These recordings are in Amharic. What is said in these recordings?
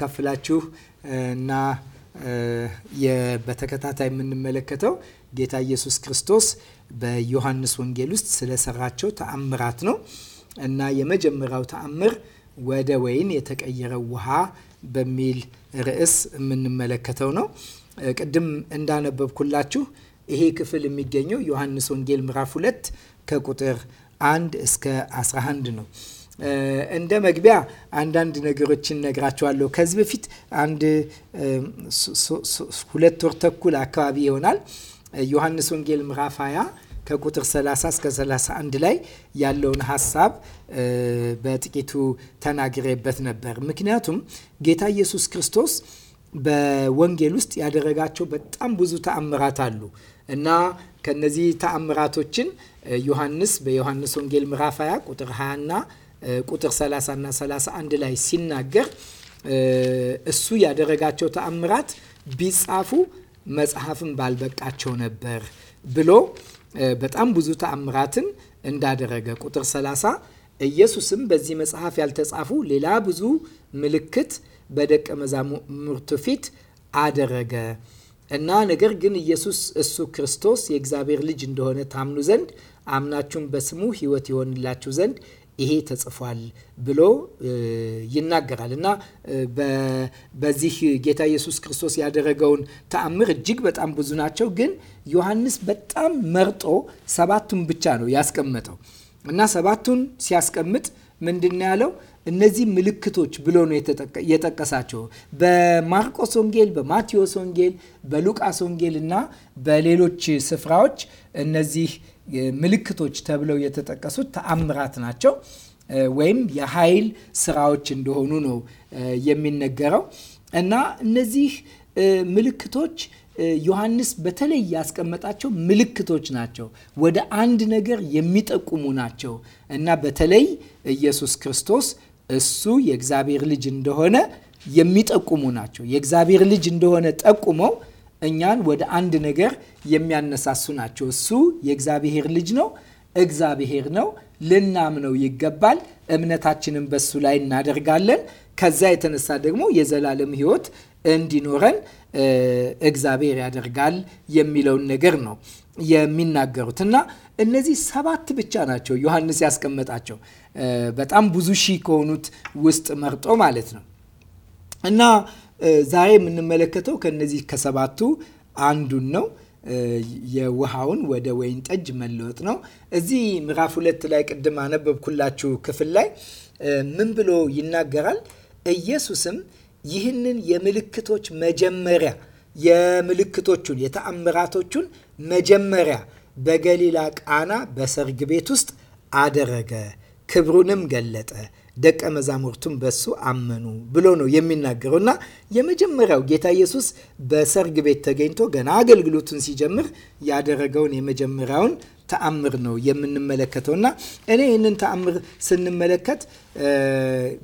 ካፍላችሁ እና በተከታታይ የምንመለከተው ጌታ ኢየሱስ ክርስቶስ በዮሐንስ ወንጌል ውስጥ ስለሰራቸው ተአምራት ነው እና የመጀመሪያው ተአምር ወደ ወይን የተቀየረ ውሃ በሚል ርዕስ የምንመለከተው ነው። ቅድም እንዳነበብኩላችሁ ይሄ ክፍል የሚገኘው ዮሐንስ ወንጌል ምዕራፍ 2 ከቁጥር 1 እስከ 11 ነው። እንደ መግቢያ አንዳንድ ነገሮችን ነግራቸዋለሁ። ከዚህ በፊት አንድ ሁለት ወር ተኩል አካባቢ ይሆናል ዮሐንስ ወንጌል ምዕራፍ 20 ከቁጥር 30 እስከ 31 ላይ ያለውን ሀሳብ በጥቂቱ ተናግሬበት ነበር። ምክንያቱም ጌታ ኢየሱስ ክርስቶስ በወንጌል ውስጥ ያደረጋቸው በጣም ብዙ ተአምራት አሉ እና ከነዚህ ተአምራቶችን ዮሐንስ በዮሐንስ ወንጌል ምዕራፍ 20 ቁጥር 20 እና ቁጥር 30 እና 31 ላይ ሲናገር እሱ ያደረጋቸው ተአምራት ቢጻፉ መጽሐፍን ባልበቃቸው ነበር ብሎ በጣም ብዙ ተአምራትን እንዳደረገ ቁጥር 30 ኢየሱስም በዚህ መጽሐፍ ያልተጻፉ ሌላ ብዙ ምልክት በደቀ መዛሙርቱ ፊት አደረገ እና ነገር ግን ኢየሱስ እሱ ክርስቶስ የእግዚአብሔር ልጅ እንደሆነ ታምኑ ዘንድ አምናችሁም በስሙ ሕይወት ይሆንላችሁ ዘንድ ይሄ ተጽፏል ብሎ ይናገራል እና በዚህ ጌታ ኢየሱስ ክርስቶስ ያደረገውን ተአምር እጅግ በጣም ብዙ ናቸው። ግን ዮሐንስ በጣም መርጦ ሰባቱን ብቻ ነው ያስቀመጠው እና ሰባቱን ሲያስቀምጥ ምንድን ያለው? እነዚህ ምልክቶች ብሎ ነው የጠቀሳቸው። በማርቆስ ወንጌል፣ በማቴዎስ ወንጌል፣ በሉቃስ ወንጌል እና በሌሎች ስፍራዎች እነዚህ ምልክቶች ተብለው የተጠቀሱት ተአምራት ናቸው ወይም የኃይል ስራዎች እንደሆኑ ነው የሚነገረው እና እነዚህ ምልክቶች ዮሐንስ በተለይ ያስቀመጣቸው ምልክቶች ናቸው። ወደ አንድ ነገር የሚጠቁሙ ናቸው እና በተለይ ኢየሱስ ክርስቶስ እሱ የእግዚአብሔር ልጅ እንደሆነ የሚጠቁሙ ናቸው። የእግዚአብሔር ልጅ እንደሆነ ጠቁመው እኛን ወደ አንድ ነገር የሚያነሳሱ ናቸው። እሱ የእግዚአብሔር ልጅ ነው፣ እግዚአብሔር ነው፣ ልናምነው ይገባል። እምነታችንን በሱ ላይ እናደርጋለን። ከዛ የተነሳ ደግሞ የዘላለም ሕይወት እንዲኖረን እግዚአብሔር ያደርጋል የሚለውን ነገር ነው የሚናገሩት እና እነዚህ ሰባት ብቻ ናቸው ዮሐንስ ያስቀመጣቸው በጣም ብዙ ሺህ ከሆኑት ውስጥ መርጦ ማለት ነው እና ዛሬ የምንመለከተው ከነዚህ ከሰባቱ አንዱን ነው። የውሃውን ወደ ወይን ጠጅ መለወጥ ነው። እዚህ ምዕራፍ ሁለት ላይ ቅድም አነበብኩላችሁ ክፍል ላይ ምን ብሎ ይናገራል? ኢየሱስም ይህንን የምልክቶች መጀመሪያ የምልክቶቹን የተአምራቶቹን መጀመሪያ በገሊላ ቃና በሰርግ ቤት ውስጥ አደረገ፣ ክብሩንም ገለጠ ደቀ መዛሙርቱም በሱ አመኑ ብሎ ነው የሚናገረው። እና የመጀመሪያው ጌታ ኢየሱስ በሰርግ ቤት ተገኝቶ ገና አገልግሎቱን ሲጀምር ያደረገውን የመጀመሪያውን ተአምር ነው የምንመለከተው። እና እኔ ይህንን ተአምር ስንመለከት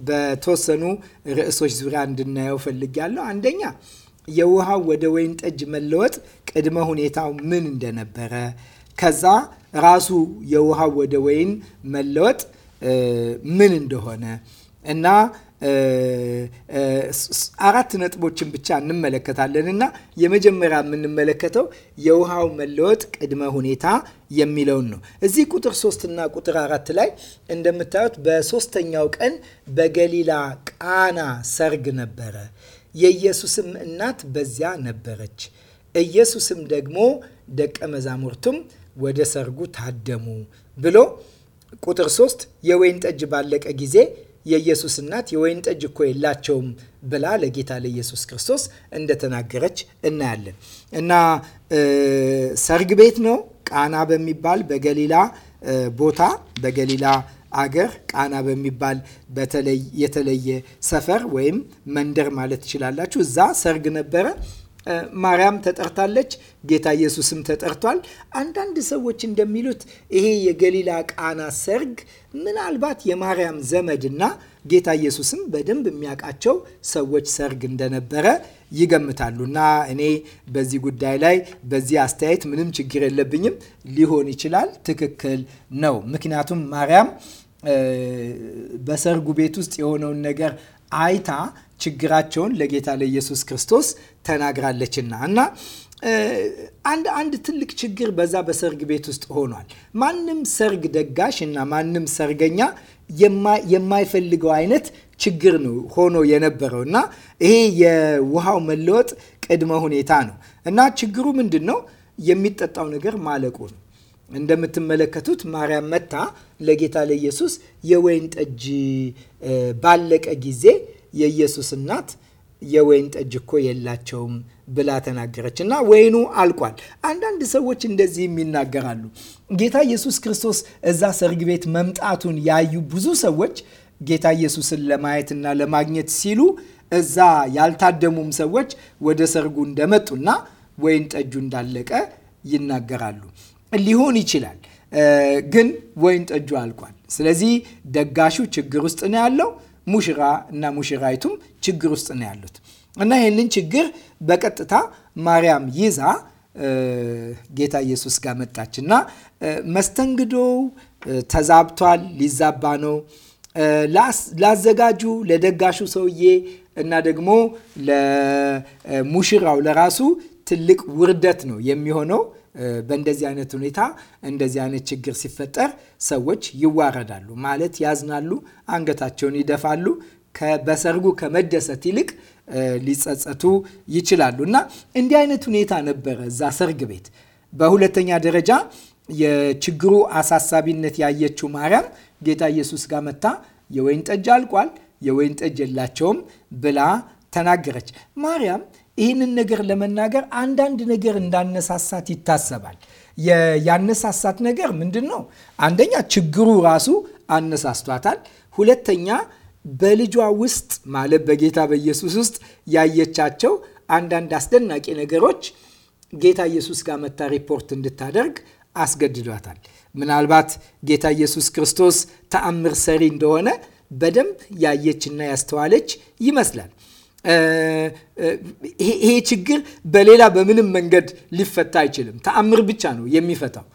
በተወሰኑ ርዕሶች ዙሪያ እንድናየው ፈልጌያለሁ። አንደኛ የውሃው ወደ ወይን ጠጅ መለወጥ ቅድመ ሁኔታው ምን እንደነበረ ከዛ ራሱ የውሃው ወደ ወይን መለወጥ ምን እንደሆነ እና አራት ነጥቦችን ብቻ እንመለከታለን እና የመጀመሪያ የምንመለከተው የውሃው መለወጥ ቅድመ ሁኔታ የሚለውን ነው። እዚህ ቁጥር ሶስት እና ቁጥር አራት ላይ እንደምታዩት በሶስተኛው ቀን በገሊላ ቃና ሰርግ ነበረ። የኢየሱስም እናት በዚያ ነበረች። ኢየሱስም ደግሞ ደቀ መዛሙርቱም ወደ ሰርጉ ታደሙ ብሎ ቁጥር ሶስት የወይን ጠጅ ባለቀ ጊዜ የኢየሱስ እናት የወይን ጠጅ እኮ የላቸውም ብላ ለጌታ ለኢየሱስ ክርስቶስ እንደተናገረች እናያለን። እና ሰርግ ቤት ነው ቃና በሚባል በገሊላ ቦታ በገሊላ አገር ቃና በሚባል በተለይ የተለየ ሰፈር ወይም መንደር ማለት ትችላላችሁ። እዛ ሰርግ ነበረ። ማርያም ተጠርታለች፣ ጌታ ኢየሱስም ተጠርቷል። አንዳንድ ሰዎች እንደሚሉት ይሄ የገሊላ ቃና ሰርግ ምናልባት የማርያም ዘመድና ጌታ ኢየሱስም በደንብ የሚያውቃቸው ሰዎች ሰርግ እንደነበረ ይገምታሉ። እና እኔ በዚህ ጉዳይ ላይ በዚህ አስተያየት ምንም ችግር የለብኝም። ሊሆን ይችላል፣ ትክክል ነው። ምክንያቱም ማርያም በሰርጉ ቤት ውስጥ የሆነውን ነገር አይታ ችግራቸውን ለጌታ ለኢየሱስ ክርስቶስ ተናግራለችና እና አንድ አንድ ትልቅ ችግር በዛ በሰርግ ቤት ውስጥ ሆኗል። ማንም ሰርግ ደጋሽ እና ማንም ሰርገኛ የማይፈልገው አይነት ችግር ነው ሆኖ የነበረው እና ይሄ የውሃው መለወጥ ቅድመ ሁኔታ ነው እና ችግሩ ምንድን ነው? የሚጠጣው ነገር ማለቁ ነው። እንደምትመለከቱት ማርያም መታ ለጌታ ለኢየሱስ የወይን ጠጅ ባለቀ ጊዜ የኢየሱስ እናት የወይን ጠጅ እኮ የላቸውም ብላ ተናገረች እና ወይኑ አልቋል። አንዳንድ ሰዎች እንደዚህም ይናገራሉ። ጌታ ኢየሱስ ክርስቶስ እዛ ሰርግ ቤት መምጣቱን ያዩ ብዙ ሰዎች ጌታ ኢየሱስን ለማየትና ለማግኘት ሲሉ እዛ ያልታደሙም ሰዎች ወደ ሰርጉ እንደመጡና ወይን ጠጁ እንዳለቀ ይናገራሉ። ሊሆን ይችላል፣ ግን ወይን ጠጁ አልቋል። ስለዚህ ደጋሹ ችግር ውስጥ ነው ያለው። ሙሽራ እና ሙሽራይቱም ችግር ውስጥ ነው ያሉት እና ይህንን ችግር በቀጥታ ማርያም ይዛ ጌታ ኢየሱስ ጋር መጣች እና መስተንግዶው ተዛብቷል፣ ሊዛባ ነው። ላዘጋጁ ለደጋሹ ሰውዬ እና ደግሞ ለሙሽራው ለራሱ ትልቅ ውርደት ነው የሚሆነው። በእንደዚህ አይነት ሁኔታ እንደዚህ አይነት ችግር ሲፈጠር ሰዎች ይዋረዳሉ ማለት ያዝናሉ፣ አንገታቸውን ይደፋሉ። በሰርጉ ከመደሰት ይልቅ ሊጸጸቱ ይችላሉ እና እንዲህ አይነት ሁኔታ ነበረ እዛ ሰርግ ቤት። በሁለተኛ ደረጃ የችግሩ አሳሳቢነት ያየችው ማርያም ጌታ ኢየሱስ ጋር መታ የወይን ጠጅ አልቋል፣ የወይን ጠጅ የላቸውም ብላ ተናገረች። ማርያም ይህንን ነገር ለመናገር አንዳንድ ነገር እንዳነሳሳት ይታሰባል። ያነሳሳት ነገር ምንድን ነው? አንደኛ ችግሩ ራሱ አነሳስቷታል። ሁለተኛ በልጇ ውስጥ ማለት በጌታ በኢየሱስ ውስጥ ያየቻቸው አንዳንድ አስደናቂ ነገሮች ጌታ ኢየሱስ ጋር መታ ሪፖርት እንድታደርግ አስገድዷታል። ምናልባት ጌታ ኢየሱስ ክርስቶስ ተአምር ሰሪ እንደሆነ በደንብ ያየችና ያስተዋለች ይመስላል። ይሄ ችግር በሌላ በምንም መንገድ ሊፈታ አይችልም። ተአምር ብቻ ነው የሚፈታው።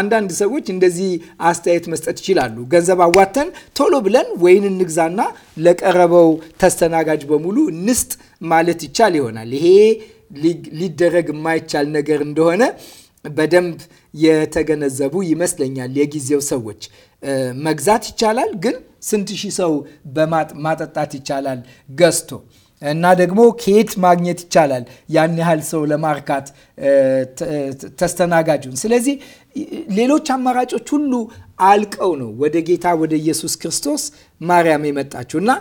አንዳንድ ሰዎች እንደዚህ አስተያየት መስጠት ይችላሉ። ገንዘብ አዋተን ቶሎ ብለን ወይን እንግዛና ለቀረበው ተስተናጋጅ በሙሉ እንስጥ ማለት ይቻል ይሆናል። ይሄ ሊደረግ የማይቻል ነገር እንደሆነ በደንብ የተገነዘቡ ይመስለኛል የጊዜው ሰዎች። መግዛት ይቻላል፣ ግን ስንት ሺህ ሰው ማጠጣት ይቻላል ገዝቶ እና ደግሞ ከየት ማግኘት ይቻላል ያን ያህል ሰው ለማርካት ተስተናጋጁን። ስለዚህ ሌሎች አማራጮች ሁሉ አልቀው ነው ወደ ጌታ ወደ ኢየሱስ ክርስቶስ ማርያም የመጣችው እና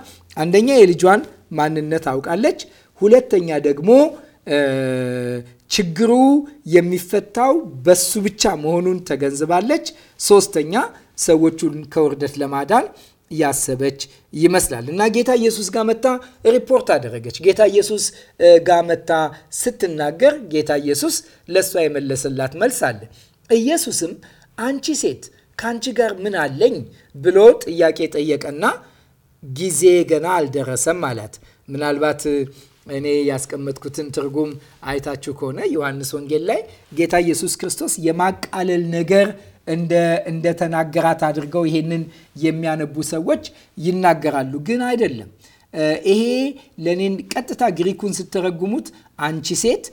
አንደኛ የልጇን ማንነት አውቃለች፣ ሁለተኛ ደግሞ ችግሩ የሚፈታው በሱ ብቻ መሆኑን ተገንዝባለች። ሶስተኛ ሰዎቹን ከውርደት ለማዳን ያሰበች ይመስላል እና ጌታ ኢየሱስ ጋር መታ ሪፖርት አደረገች። ጌታ ኢየሱስ ጋር መታ ስትናገር ጌታ ኢየሱስ ለእሷ የመለሰላት መልስ አለ። ኢየሱስም አንቺ ሴት ከአንቺ ጋር ምን አለኝ ብሎ ጥያቄ ጠየቀና ጊዜ ገና አልደረሰም አላት። ምናልባት እኔ ያስቀመጥኩትን ትርጉም አይታችሁ ከሆነ ዮሐንስ ወንጌል ላይ ጌታ ኢየሱስ ክርስቶስ የማቃለል ነገር እንደተናገራት አድርገው ይሄንን የሚያነቡ ሰዎች ይናገራሉ። ግን አይደለም። ይሄ ለእኔን ቀጥታ ግሪኩን ስትረጉሙት አንቺ ሴት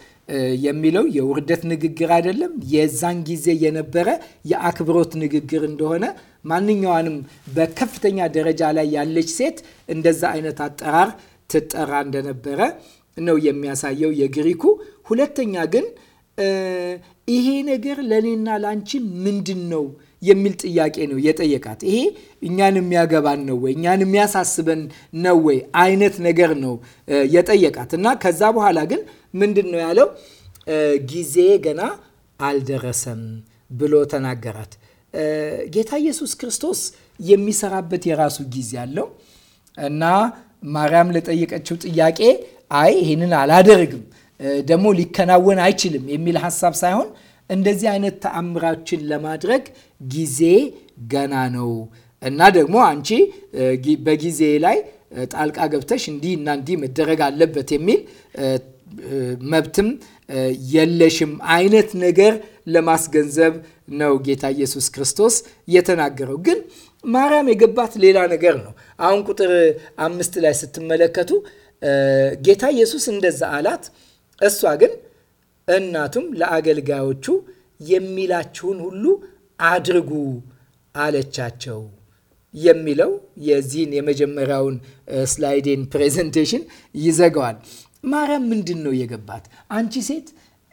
የሚለው የውርደት ንግግር አይደለም። የዛን ጊዜ የነበረ የአክብሮት ንግግር እንደሆነ ማንኛዋንም በከፍተኛ ደረጃ ላይ ያለች ሴት እንደዛ አይነት አጠራር ትጠራ እንደነበረ ነው የሚያሳየው የግሪኩ። ሁለተኛ ግን ይሄ ነገር ለእኔና ለአንቺ ምንድን ነው የሚል ጥያቄ ነው የጠየቃት። ይሄ እኛን የሚያገባን ነው ወይ እኛን የሚያሳስበን ነው ወይ አይነት ነገር ነው የጠየቃት እና ከዛ በኋላ ግን ምንድን ነው ያለው? ጊዜ ገና አልደረሰም ብሎ ተናገራት። ጌታ ኢየሱስ ክርስቶስ የሚሰራበት የራሱ ጊዜ አለው እና ማርያም ለጠየቀችው ጥያቄ አይ ይህንን አላደርግም ደግሞ ሊከናወን አይችልም የሚል ሀሳብ ሳይሆን እንደዚህ አይነት ተአምራችን ለማድረግ ጊዜ ገና ነው እና ደግሞ አንቺ በጊዜ ላይ ጣልቃ ገብተሽ እንዲህ እና እንዲህ መደረግ አለበት የሚል መብትም የለሽም አይነት ነገር ለማስገንዘብ ነው ጌታ ኢየሱስ ክርስቶስ የተናገረው። ግን ማርያም የገባት ሌላ ነገር ነው። አሁን ቁጥር አምስት ላይ ስትመለከቱ ጌታ ኢየሱስ እንደዛ አላት። እሷ ግን እናቱም ለአገልጋዮቹ የሚላችሁን ሁሉ አድርጉ አለቻቸው የሚለው የዚህን የመጀመሪያውን ስላይዴን ፕሬዘንቴሽን ይዘጋዋል። ማርያም ምንድን ነው የገባት? አንቺ ሴት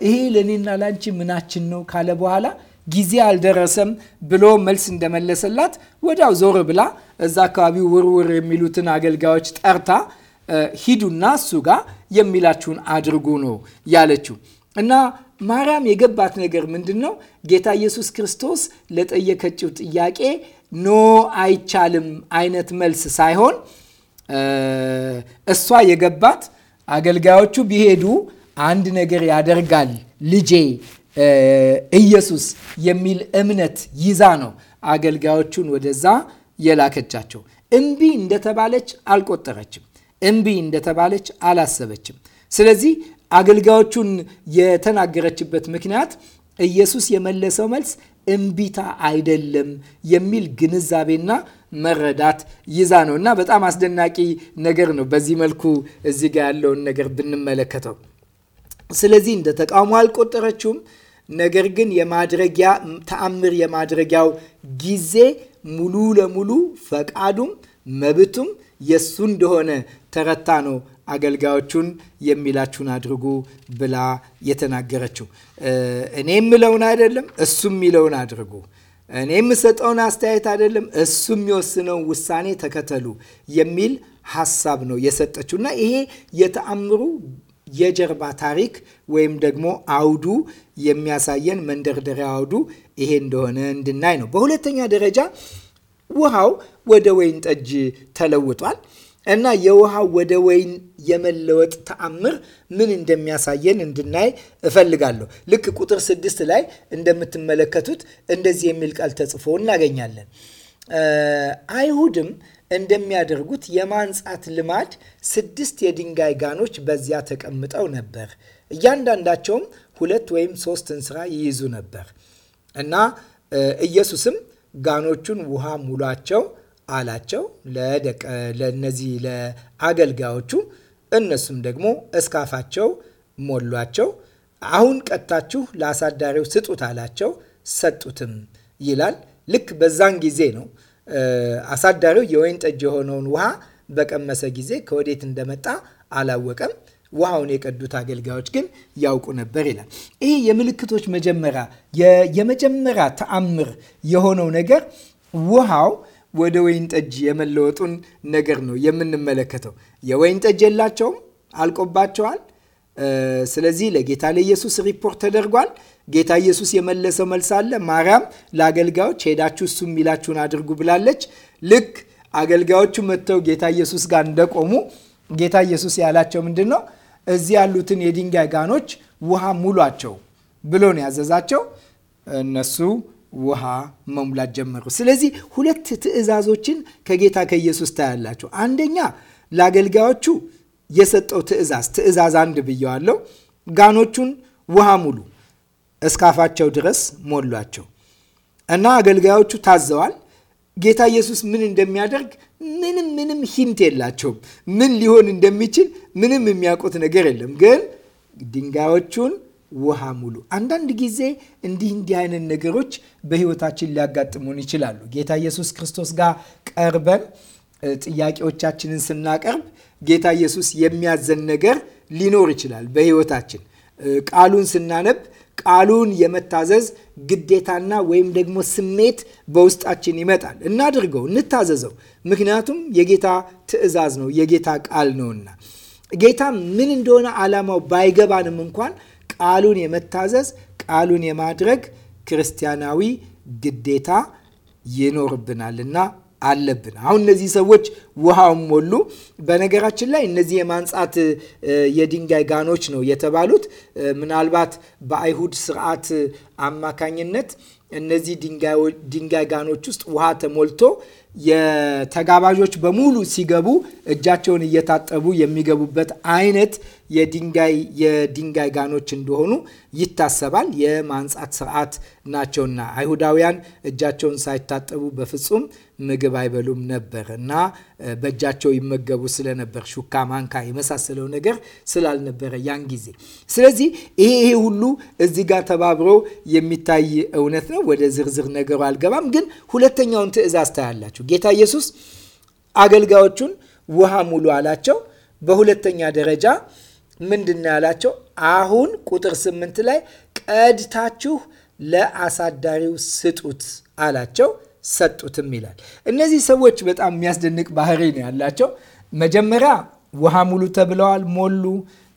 ይሄ ለእኔና ለአንቺ ምናችን ነው ካለ በኋላ ጊዜ አልደረሰም ብሎ መልስ እንደመለሰላት ወዲያው ዞር ብላ እዛ አካባቢ ውርውር የሚሉትን አገልጋዮች ጠርታ ሂዱና እሱ ጋር የሚላችሁን አድርጉ ነው ያለችው እና ማርያም የገባት ነገር ምንድን ነው? ጌታ ኢየሱስ ክርስቶስ ለጠየቀችው ጥያቄ ኖ አይቻልም አይነት መልስ ሳይሆን እሷ የገባት አገልጋዮቹ ቢሄዱ አንድ ነገር ያደርጋል ልጄ ኢየሱስ የሚል እምነት ይዛ ነው አገልጋዮቹን ወደዛ የላከቻቸው። እምቢ እንደተባለች አልቆጠረችም። እምቢ እንደተባለች አላሰበችም። ስለዚህ አገልጋዮቹን የተናገረችበት ምክንያት ኢየሱስ የመለሰው መልስ እምቢታ አይደለም የሚል ግንዛቤና መረዳት ይዛ ነው እና በጣም አስደናቂ ነገር ነው። በዚህ መልኩ እዚህ ያለውን ነገር ብንመለከተው ስለዚህ እንደ ተቃውሞ አልቆጠረችውም። ነገር ግን የማድረጊያ ተአምር የማድረጊያው ጊዜ ሙሉ ለሙሉ ፈቃዱም መብቱም የሱ እንደሆነ ተረታ ነው። አገልጋዮቹን የሚላችሁን አድርጉ ብላ የተናገረችው እኔ የምለውን አይደለም፣ እሱ የሚለውን አድርጉ። እኔ የምሰጠውን አስተያየት አይደለም፣ እሱ የሚወስነው ውሳኔ ተከተሉ የሚል ሀሳብ ነው የሰጠችው እና ይሄ የተአምሩ የጀርባ ታሪክ ወይም ደግሞ አውዱ የሚያሳየን መንደርደሪያ አውዱ ይሄ እንደሆነ እንድናይ ነው። በሁለተኛ ደረጃ ውሃው ወደ ወይን ጠጅ ተለውጧል እና የውሃው ወደ ወይን የመለወጥ ተአምር ምን እንደሚያሳየን እንድናይ እፈልጋለሁ። ልክ ቁጥር ስድስት ላይ እንደምትመለከቱት እንደዚህ የሚል ቃል ተጽፎ እናገኛለን። አይሁድም እንደሚያደርጉት የማንጻት ልማድ ስድስት የድንጋይ ጋኖች በዚያ ተቀምጠው ነበር። እያንዳንዳቸውም ሁለት ወይም ሶስት እንስራ ይይዙ ነበር እና ኢየሱስም ጋኖቹን ውሃ ሙሏቸው አላቸው ለደቀ ለእነዚህ ለአገልጋዮቹ። እነሱም ደግሞ እስካፋቸው ሞሏቸው። አሁን ቀጥታችሁ ለአሳዳሪው ስጡት አላቸው፣ ሰጡትም ይላል። ልክ በዛን ጊዜ ነው አሳዳሪው የወይን ጠጅ የሆነውን ውሃ በቀመሰ ጊዜ ከወዴት እንደመጣ አላወቀም። ውሃውን የቀዱት አገልጋዮች ግን ያውቁ ነበር ይላል። ይሄ የምልክቶች መጀመሪያ የመጀመሪያ ተአምር የሆነው ነገር ውሃው ወደ ወይን ጠጅ የመለወጡን ነገር ነው የምንመለከተው። የወይን ጠጅ የላቸውም፣ አልቆባቸዋል። ስለዚህ ለጌታ ለኢየሱስ ሪፖርት ተደርጓል። ጌታ ኢየሱስ የመለሰው መልስ አለ። ማርያም ለአገልጋዮች ሄዳችሁ እሱ የሚላችሁን አድርጉ ብላለች። ልክ አገልጋዮቹ መጥተው ጌታ ኢየሱስ ጋር እንደቆሙ ጌታ ኢየሱስ ያላቸው ምንድን ነው? እዚህ ያሉትን የድንጋይ ጋኖች ውሃ ሙሏቸው ብሎ ነው ያዘዛቸው። እነሱ ውሃ መሙላት ጀመሩ። ስለዚህ ሁለት ትዕዛዞችን ከጌታ ከኢየሱስ ታያላቸው። አንደኛ ለአገልጋዮቹ የሰጠው ትዕዛዝ ትዕዛዝ አንድ ብየዋለው፣ ጋኖቹን ውሃ ሙሉ እስካፋቸው ድረስ ሞሏቸው እና አገልጋዮቹ ታዘዋል። ጌታ ኢየሱስ ምን እንደሚያደርግ ምንም ምንም ሂንት የላቸውም። ምን ሊሆን እንደሚችል ምንም የሚያውቁት ነገር የለም። ግን ድንጋዮቹን ውሃ ሙሉ። አንዳንድ ጊዜ እንዲህ እንዲህ አይነት ነገሮች በህይወታችን ሊያጋጥሙን ይችላሉ። ጌታ ኢየሱስ ክርስቶስ ጋር ቀርበን ጥያቄዎቻችንን ስናቀርብ ጌታ ኢየሱስ የሚያዘን ነገር ሊኖር ይችላል በህይወታችን ቃሉን ስናነብ ቃሉን የመታዘዝ ግዴታና ወይም ደግሞ ስሜት በውስጣችን ይመጣል። እናድርገው፣ እንታዘዘው። ምክንያቱም የጌታ ትእዛዝ ነው፣ የጌታ ቃል ነውና። ጌታ ምን እንደሆነ ዓላማው ባይገባንም እንኳን ቃሉን የመታዘዝ ቃሉን የማድረግ ክርስቲያናዊ ግዴታ ይኖርብናልና አለብን። አሁን እነዚህ ሰዎች ውሃውን ሞሉ። በነገራችን ላይ እነዚህ የማንጻት የድንጋይ ጋኖች ነው የተባሉት። ምናልባት በአይሁድ ስርዓት አማካኝነት እነዚህ ድንጋይ ጋኖች ውስጥ ውሃ ተሞልቶ የተጋባዦች በሙሉ ሲገቡ እጃቸውን እየታጠቡ የሚገቡበት አይነት የድንጋይ የድንጋይ ጋኖች እንደሆኑ ይታሰባል። የማንጻት ስርዓት ናቸውና አይሁዳውያን እጃቸውን ሳይታጠቡ በፍጹም ምግብ አይበሉም ነበር እና በእጃቸው ይመገቡ ስለነበር ሹካ፣ ማንካ የመሳሰለው ነገር ስላልነበረ ያን ጊዜ። ስለዚህ ይሄ ይሄ ሁሉ እዚህ ጋር ተባብሮ የሚታይ እውነት ነው። ወደ ዝርዝር ነገሩ አልገባም። ግን ሁለተኛውን ትእዛዝ ታያላችሁ። ጌታ ኢየሱስ አገልጋዮቹን ውሃ ሙሉ አላቸው። በሁለተኛ ደረጃ ምንድን ያላቸው? አሁን ቁጥር ስምንት ላይ ቀድታችሁ ለአሳዳሪው ስጡት አላቸው፣ ሰጡትም ይላል። እነዚህ ሰዎች በጣም የሚያስደንቅ ባህሪ ነው ያላቸው። መጀመሪያ ውሃ ሙሉ ተብለዋል፣ ሞሉ።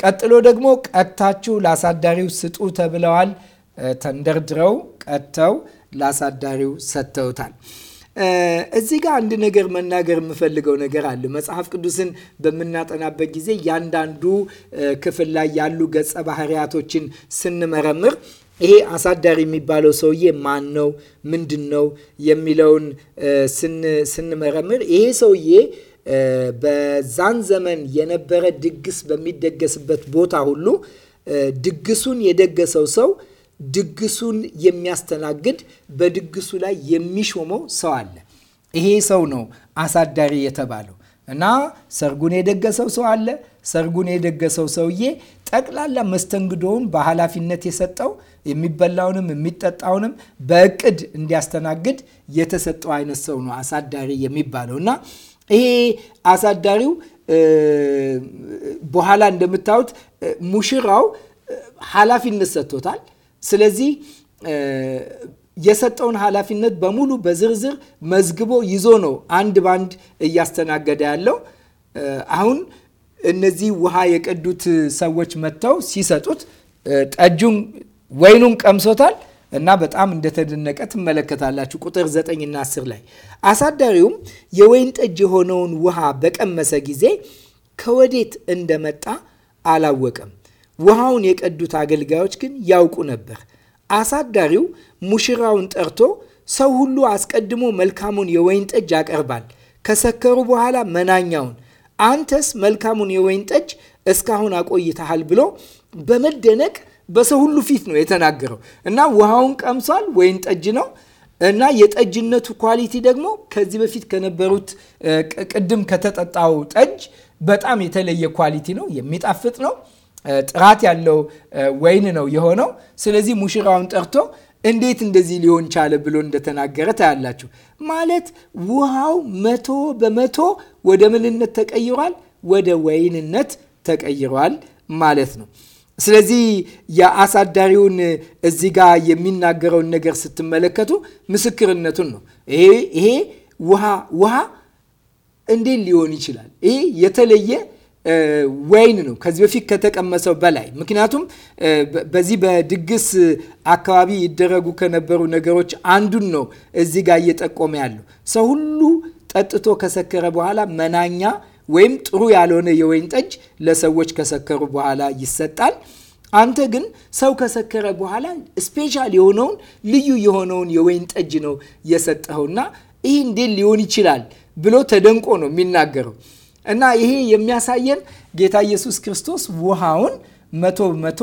ቀጥሎ ደግሞ ቀድታችሁ ለአሳዳሪው ስጡ ተብለዋል። ተንደርድረው ቀጥተው ለአሳዳሪው ሰጥተውታል። እዚህ ጋር አንድ ነገር መናገር የምፈልገው ነገር አለ። መጽሐፍ ቅዱስን በምናጠናበት ጊዜ ያንዳንዱ ክፍል ላይ ያሉ ገጸ ባህሪያቶችን ስንመረምር ይሄ አሳዳሪ የሚባለው ሰውዬ ማን ነው? ምንድን ነው የሚለውን ስንመረምር ይሄ ሰውዬ በዛን ዘመን የነበረ ድግስ በሚደገስበት ቦታ ሁሉ ድግሱን የደገሰው ሰው ድግሱን የሚያስተናግድ በድግሱ ላይ የሚሾመው ሰው አለ። ይሄ ሰው ነው አሳዳሪ የተባለው እና ሰርጉን የደገሰው ሰው አለ። ሰርጉን የደገሰው ሰውዬ ጠቅላላ መስተንግዶውን በኃላፊነት የሰጠው የሚበላውንም የሚጠጣውንም በእቅድ እንዲያስተናግድ የተሰጠው አይነት ሰው ነው አሳዳሪ የሚባለው እና ይሄ አሳዳሪው በኋላ እንደምታዩት ሙሽራው ኃላፊነት ሰጥቶታል። ስለዚህ የሰጠውን ኃላፊነት በሙሉ በዝርዝር መዝግቦ ይዞ ነው አንድ ባንድ እያስተናገደ ያለው። አሁን እነዚህ ውሃ የቀዱት ሰዎች መጥተው ሲሰጡት ጠጁን ወይኑን ቀምሶታል እና በጣም እንደተደነቀ ትመለከታላችሁ። ቁጥር እና 10 ላይ አሳዳሪውም የወይን ጠጅ የሆነውን ውሃ በቀመሰ ጊዜ ከወዴት እንደመጣ አላወቀም ውሃውን የቀዱት አገልጋዮች ግን ያውቁ ነበር። አሳዳሪው ሙሽራውን ጠርቶ ሰው ሁሉ አስቀድሞ መልካሙን የወይን ጠጅ ያቀርባል፣ ከሰከሩ በኋላ መናኛውን፣ አንተስ መልካሙን የወይን ጠጅ እስካሁን አቆይተሃል ብሎ በመደነቅ በሰው ሁሉ ፊት ነው የተናገረው እና ውሃውን ቀምሷል። ወይን ጠጅ ነው እና የጠጅነቱ ኳሊቲ ደግሞ ከዚህ በፊት ከነበሩት ቅድም ከተጠጣው ጠጅ በጣም የተለየ ኳሊቲ ነው። የሚጣፍጥ ነው። ጥራት ያለው ወይን ነው የሆነው። ስለዚህ ሙሽራውን ጠርቶ እንዴት እንደዚህ ሊሆን ቻለ ብሎ እንደተናገረ ታያላችሁ። ማለት ውሃው መቶ በመቶ ወደ ምንነት ተቀይሯል፣ ወደ ወይንነት ተቀይሯል ማለት ነው። ስለዚህ የአሳዳሪውን እዚህ ጋር የሚናገረውን ነገር ስትመለከቱ ምስክርነቱን ነው። ይሄ ውሃ ውሃ እንዴት ሊሆን ይችላል? ይሄ የተለየ ወይን ነው ከዚህ በፊት ከተቀመሰው በላይ። ምክንያቱም በዚህ በድግስ አካባቢ ይደረጉ ከነበሩ ነገሮች አንዱን ነው እዚህ ጋር እየጠቆመ ያለው። ሰው ሁሉ ጠጥቶ ከሰከረ በኋላ መናኛ ወይም ጥሩ ያልሆነ የወይን ጠጅ ለሰዎች ከሰከሩ በኋላ ይሰጣል። አንተ ግን ሰው ከሰከረ በኋላ ስፔሻል የሆነውን ልዩ የሆነውን የወይን ጠጅ ነው የሰጠኸውና ይህ እንዴት ሊሆን ይችላል ብሎ ተደንቆ ነው የሚናገረው። እና ይሄ የሚያሳየን ጌታ ኢየሱስ ክርስቶስ ውሃውን መቶ በመቶ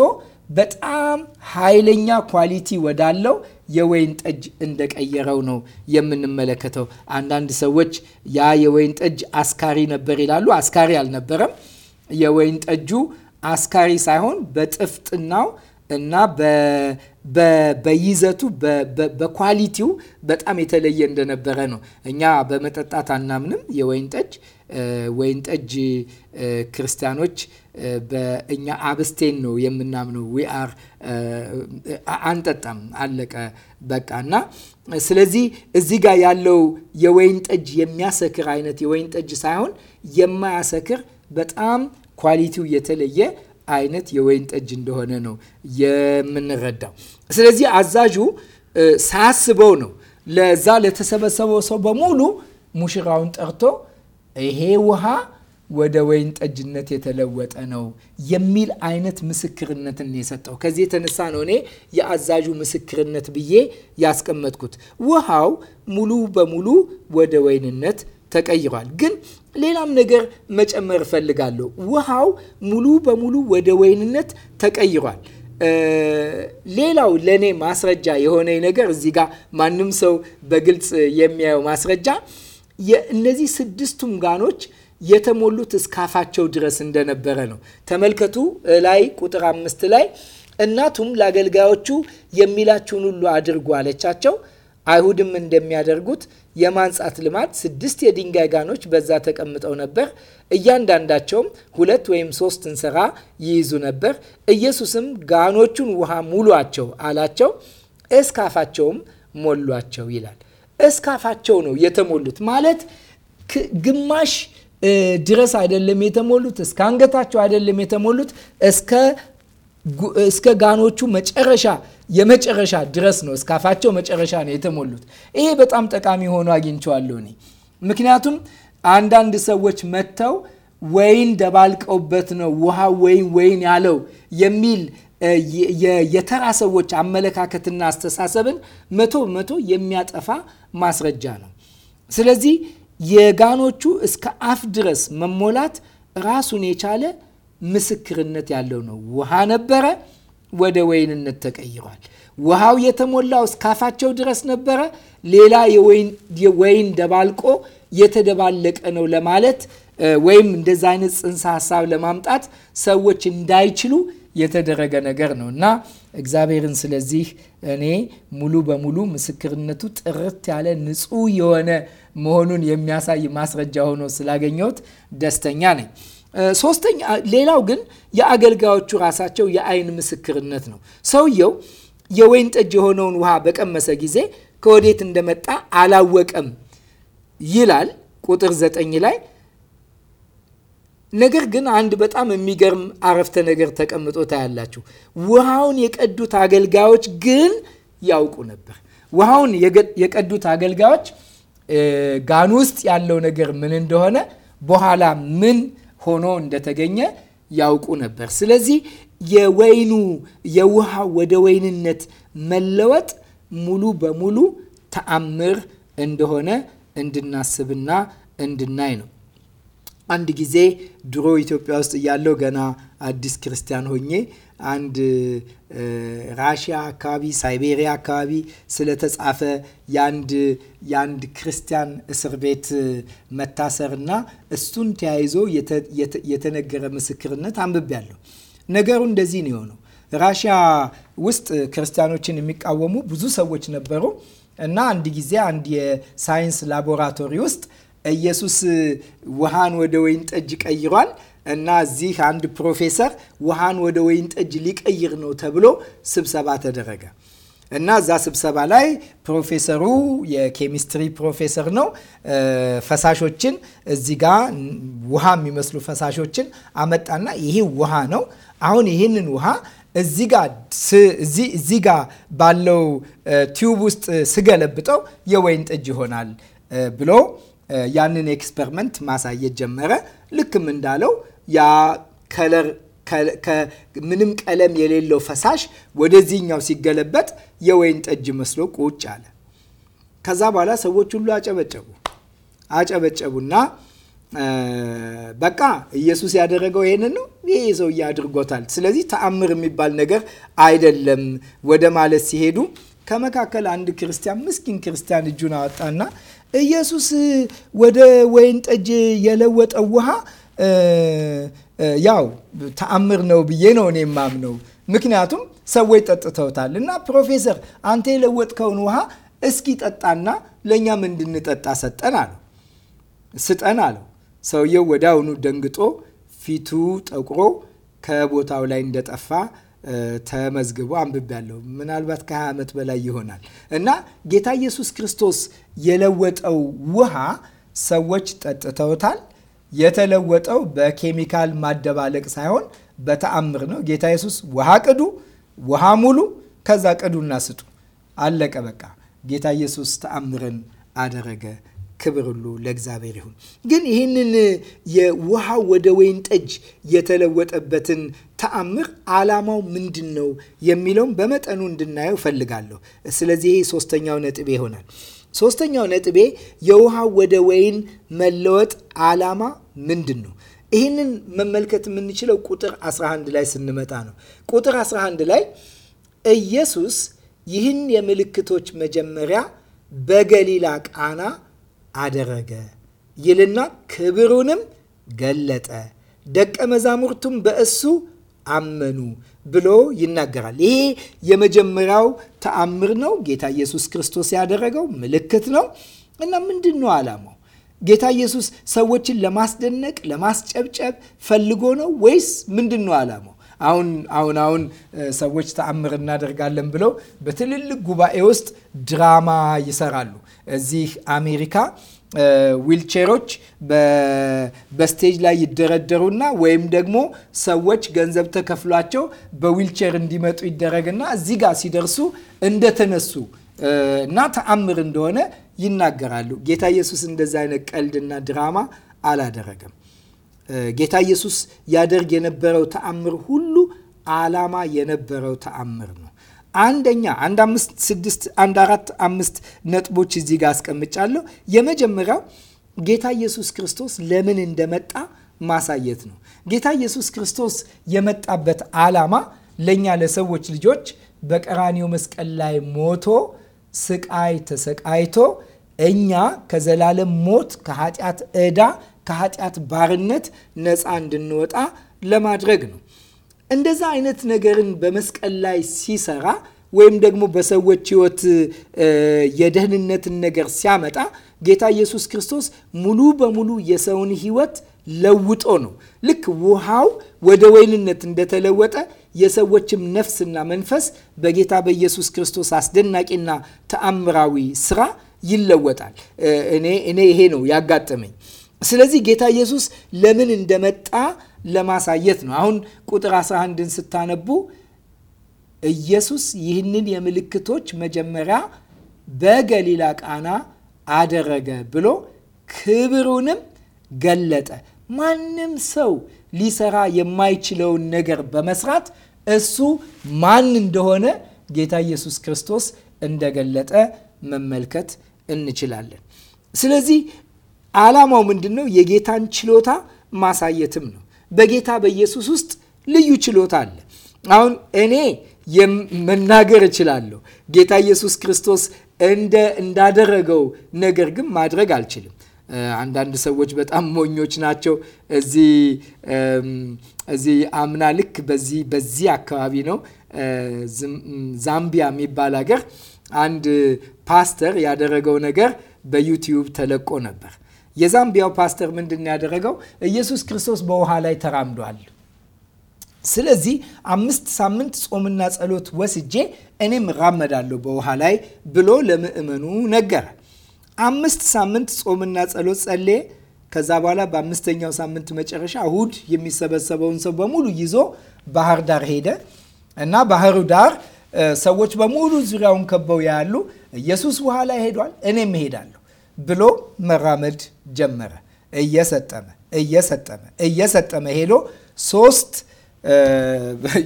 በጣም ኃይለኛ ኳሊቲ ወዳለው የወይን ጠጅ እንደቀየረው ነው የምንመለከተው። አንዳንድ ሰዎች ያ የወይን ጠጅ አስካሪ ነበር ይላሉ። አስካሪ አልነበረም። የወይን ጠጁ አስካሪ ሳይሆን በጥፍጥናው እና በይዘቱ በኳሊቲው በጣም የተለየ እንደነበረ ነው። እኛ በመጠጣት አናምንም የወይን ጠጅ ወይን ጠጅ ክርስቲያኖች በእኛ አብስቴን ነው የምናምነው። ዊ አር አንጠጣም፣ አለቀ በቃ። እና ስለዚህ እዚህ ጋር ያለው የወይን ጠጅ የሚያሰክር አይነት የወይን ጠጅ ሳይሆን የማያሰክር በጣም ኳሊቲው የተለየ አይነት የወይን ጠጅ እንደሆነ ነው የምንረዳው። ስለዚህ አዛዡ ሳያስበው ነው ለዛ ለተሰበሰበው ሰው በሙሉ ሙሽራውን ጠርቶ ይሄ ውሃ ወደ ወይን ጠጅነት የተለወጠ ነው የሚል አይነት ምስክርነትን የሰጠው። ከዚህ የተነሳ ነው እኔ የአዛዡ ምስክርነት ብዬ ያስቀመጥኩት። ውሃው ሙሉ በሙሉ ወደ ወይንነት ተቀይሯል። ግን ሌላም ነገር መጨመር እፈልጋለሁ። ውሃው ሙሉ በሙሉ ወደ ወይንነት ተቀይሯል። ሌላው ለእኔ ማስረጃ የሆነ ነገር እዚህ ጋር ማንም ሰው በግልጽ የሚያየው ማስረጃ እነዚህ ስድስቱም ጋኖች የተሞሉት እስካፋቸው ድረስ እንደነበረ ነው። ተመልከቱ ላይ ቁጥር አምስት ላይ እናቱም ለአገልጋዮቹ የሚላችሁን ሁሉ አድርጉ አለቻቸው። አይሁድም እንደሚያደርጉት የማንጻት ልማድ ስድስት የድንጋይ ጋኖች በዛ ተቀምጠው ነበር። እያንዳንዳቸውም ሁለት ወይም ሶስት እንስራ ይይዙ ነበር። ኢየሱስም ጋኖቹን ውሃ ሙሏቸው አላቸው፣ እስካፋቸውም ሞሏቸው ይላል። እስካፋቸው ነው የተሞሉት ማለት ግማሽ ድረስ አይደለም የተሞሉት፣ እስከ አንገታቸው አይደለም የተሞሉት፣ እስከ ጋኖቹ መጨረሻ የመጨረሻ ድረስ ነው፣ እስከ መጨረሻ ነው የተሞሉት። ይሄ በጣም ጠቃሚ ሆኖ አግኝቼዋለሁ እኔ። ምክንያቱም አንዳንድ ሰዎች መጥተው ወይን ደባልቀውበት ነው ውሃ ወይን ወይን ያለው የሚል የተራ ሰዎች አመለካከትና አስተሳሰብን መቶ በመቶ የሚያጠፋ ማስረጃ ነው። ስለዚህ የጋኖቹ እስከ አፍ ድረስ መሞላት ራሱን የቻለ ምስክርነት ያለው ነው። ውሃ ነበረ፣ ወደ ወይንነት ተቀይሯል። ውሃው የተሞላው እስከ አፋቸው ድረስ ነበረ። ሌላ የወይን ደባልቆ የተደባለቀ ነው ለማለት ወይም እንደዛ አይነት ጽንሰ ሀሳብ ለማምጣት ሰዎች እንዳይችሉ የተደረገ ነገር ነው እና እግዚአብሔርን ስለዚህ እኔ ሙሉ በሙሉ ምስክርነቱ ጥርት ያለ ንጹህ የሆነ መሆኑን የሚያሳይ ማስረጃ ሆኖ ስላገኘሁት ደስተኛ ነኝ። ሶስተኛ፣ ሌላው ግን የአገልጋዮቹ ራሳቸው የአይን ምስክርነት ነው። ሰውየው የወይን ጠጅ የሆነውን ውሃ በቀመሰ ጊዜ ከወዴት እንደመጣ አላወቀም ይላል ቁጥር ዘጠኝ ላይ ነገር ግን አንድ በጣም የሚገርም አረፍተ ነገር ተቀምጦ ታያላችሁ። ውሃውን የቀዱት አገልጋዮች ግን ያውቁ ነበር። ውሃውን የቀዱት አገልጋዮች ጋን ውስጥ ያለው ነገር ምን እንደሆነ በኋላ ምን ሆኖ እንደተገኘ ያውቁ ነበር። ስለዚህ የወይኑ የውሃ ወደ ወይንነት መለወጥ ሙሉ በሙሉ ተአምር እንደሆነ እንድናስብና እንድናይ ነው። አንድ ጊዜ ድሮ ኢትዮጵያ ውስጥ እያለው ገና አዲስ ክርስቲያን ሆኜ አንድ ራሽያ አካባቢ ሳይቤሪያ አካባቢ ስለተጻፈ የአንድ ክርስቲያን እስር ቤት መታሰርና እሱን ተያይዞ የተነገረ ምስክርነት አንብቤያለሁ። ነገሩ እንደዚህ ነው የሆነው። ራሽያ ውስጥ ክርስቲያኖችን የሚቃወሙ ብዙ ሰዎች ነበሩ እና አንድ ጊዜ አንድ የሳይንስ ላቦራቶሪ ውስጥ ኢየሱስ ውሃን ወደ ወይን ጠጅ ቀይሯል እና እዚህ አንድ ፕሮፌሰር ውሃን ወደ ወይን ጠጅ ሊቀይር ነው ተብሎ ስብሰባ ተደረገ እና እዛ ስብሰባ ላይ ፕሮፌሰሩ የኬሚስትሪ ፕሮፌሰር ነው። ፈሳሾችን እዚህ ጋ ውሃ የሚመስሉ ፈሳሾችን አመጣና ይሄ ውሃ ነው። አሁን ይህንን ውሃ እዚህ ጋ ባለው ቲዩብ ውስጥ ስገለብጠው የወይን ጠጅ ይሆናል ብሎ ያንን ኤክስፐሪመንት ማሳየት ጀመረ። ልክም እንዳለው ያ ከለር ምንም ቀለም የሌለው ፈሳሽ ወደዚህኛው ሲገለበጥ የወይን ጠጅ መስሎ ቁጭ አለ። ከዛ በኋላ ሰዎች ሁሉ አጨበጨቡ አጨበጨቡና በቃ ኢየሱስ ያደረገው ይሄንን ነው። ይሄ ሰውዬ አድርጎታል። ስለዚህ ተአምር የሚባል ነገር አይደለም ወደ ማለት ሲሄዱ ከመካከል አንድ ክርስቲያን ምስኪን ክርስቲያን እጁን አወጣና ኢየሱስ ወደ ወይን ጠጅ የለወጠው ውሃ ያው ተአምር ነው ብዬ ነው እኔ የማምነው። ምክንያቱም ሰዎች ጠጥተውታል እና ፕሮፌሰር አንተ የለወጥከውን ውሃ እስኪ ጠጣና ለእኛም እንድንጠጣ ሰጠን አለው ስጠን አለው። ሰውየው ወዲያውኑ ደንግጦ ፊቱ ጠቁሮ ከቦታው ላይ እንደጠፋ ተመዝግቦ አንብብ ያለው ምናልባት ከ20 ዓመት በላይ ይሆናል እና ጌታ ኢየሱስ ክርስቶስ የለወጠው ውሃ ሰዎች ጠጥተውታል። የተለወጠው በኬሚካል ማደባለቅ ሳይሆን በተአምር ነው። ጌታ ኢየሱስ ውሃ ቅዱ፣ ውሃ ሙሉ፣ ከዛ ቅዱና ስጡ፣ አለቀ በቃ። ጌታ ኢየሱስ ተአምርን አደረገ። ክብር ሁሉ ለእግዚአብሔር ይሁን። ግን ይህንን የውሃ ወደ ወይን ጠጅ የተለወጠበትን ተአምር ዓላማው ምንድን ነው የሚለውም በመጠኑ እንድናየው ፈልጋለሁ ስለዚህ ይሄ ሶስተኛው ነጥቤ ይሆናል። ሶስተኛው ነጥቤ የውሃ ወደ ወይን መለወጥ ዓላማ ምንድን ነው? ይህንን መመልከት የምንችለው ቁጥር 11 ላይ ስንመጣ ነው። ቁጥር 11 ላይ ኢየሱስ ይህን የምልክቶች መጀመሪያ በገሊላ ቃና አደረገ ይልና ክብሩንም ገለጠ፣ ደቀ መዛሙርቱም በእሱ አመኑ ብሎ ይናገራል። ይሄ የመጀመሪያው ተአምር ነው፣ ጌታ ኢየሱስ ክርስቶስ ያደረገው ምልክት ነው እና ምንድን ነው ዓላማው? ጌታ ኢየሱስ ሰዎችን ለማስደነቅ ለማስጨብጨብ ፈልጎ ነው ወይስ ምንድን ነው ዓላማው? አሁን አሁን አሁን ሰዎች ተአምር እናደርጋለን ብለው በትልልቅ ጉባኤ ውስጥ ድራማ ይሰራሉ። እዚህ አሜሪካ ዊልቼሮች በስቴጅ ላይ ይደረደሩና ወይም ደግሞ ሰዎች ገንዘብ ተከፍሏቸው በዊልቼር እንዲመጡ ይደረግና እዚህ ጋር ሲደርሱ እንደተነሱ እና ተአምር እንደሆነ ይናገራሉ። ጌታ ኢየሱስ እንደዚህ አይነት ቀልድና ድራማ አላደረገም። ጌታ ኢየሱስ ያደርግ የነበረው ተአምር ሁሉ ዓላማ የነበረው ተአምር ነው። አንደኛ አንድ አምስት ስድስት አንድ አራት አምስት ነጥቦች እዚህ ጋር አስቀምጫለሁ። የመጀመሪያው ጌታ ኢየሱስ ክርስቶስ ለምን እንደመጣ ማሳየት ነው። ጌታ ኢየሱስ ክርስቶስ የመጣበት ዓላማ ለእኛ ለሰዎች ልጆች በቀራኒው መስቀል ላይ ሞቶ ስቃይ ተሰቃይቶ እኛ ከዘላለም ሞት ከኃጢአት ዕዳ ከኃጢአት ባርነት ነፃ እንድንወጣ ለማድረግ ነው። እንደዛ አይነት ነገርን በመስቀል ላይ ሲሰራ ወይም ደግሞ በሰዎች ህይወት የደህንነትን ነገር ሲያመጣ ጌታ ኢየሱስ ክርስቶስ ሙሉ በሙሉ የሰውን ህይወት ለውጦ ነው። ልክ ውሃው ወደ ወይንነት እንደተለወጠ የሰዎችም ነፍስና መንፈስ በጌታ በኢየሱስ ክርስቶስ አስደናቂና ተአምራዊ ስራ ይለወጣል። እኔ እኔ ይሄ ነው ያጋጠመኝ። ስለዚህ ጌታ ኢየሱስ ለምን እንደመጣ ለማሳየት ነው። አሁን ቁጥር 11ን ስታነቡ ኢየሱስ ይህንን የምልክቶች መጀመሪያ በገሊላ ቃና አደረገ ብሎ ክብሩንም ገለጠ። ማንም ሰው ሊሰራ የማይችለውን ነገር በመስራት እሱ ማን እንደሆነ ጌታ ኢየሱስ ክርስቶስ እንደገለጠ መመልከት እንችላለን። ስለዚህ ዓላማው ምንድን ነው? የጌታን ችሎታ ማሳየትም ነው። በጌታ በኢየሱስ ውስጥ ልዩ ችሎታ አለ። አሁን እኔ መናገር እችላለሁ። ጌታ ኢየሱስ ክርስቶስ እንደ እንዳደረገው ነገር ግን ማድረግ አልችልም። አንዳንድ ሰዎች በጣም ሞኞች ናቸው። እዚህ አምና ልክ በዚህ በዚህ አካባቢ ነው ዛምቢያ የሚባል ሀገር አንድ ፓስተር ያደረገው ነገር በዩቲዩብ ተለቆ ነበር። የዛምቢያው ፓስተር ምንድን ያደረገው ኢየሱስ ክርስቶስ በውሃ ላይ ተራምዷል። ስለዚህ አምስት ሳምንት ጾምና ጸሎት ወስጄ እኔም እራመዳለሁ በውሃ ላይ ብሎ ለምእመኑ ነገረ። አምስት ሳምንት ጾምና ጸሎት ጸሌ ከዛ በኋላ በአምስተኛው ሳምንት መጨረሻ እሁድ የሚሰበሰበውን ሰው በሙሉ ይዞ ባህር ዳር ሄደ እና ባህሩ ዳር ሰዎች በሙሉ ዙሪያውን ከበው ያሉ ኢየሱስ ውሃ ላይ ሄዷል፣ እኔም እሄዳለሁ ብሎ መራመድ ጀመረ። እየሰጠመ እየሰጠመ እየሰጠመ ሄሎ ሶስት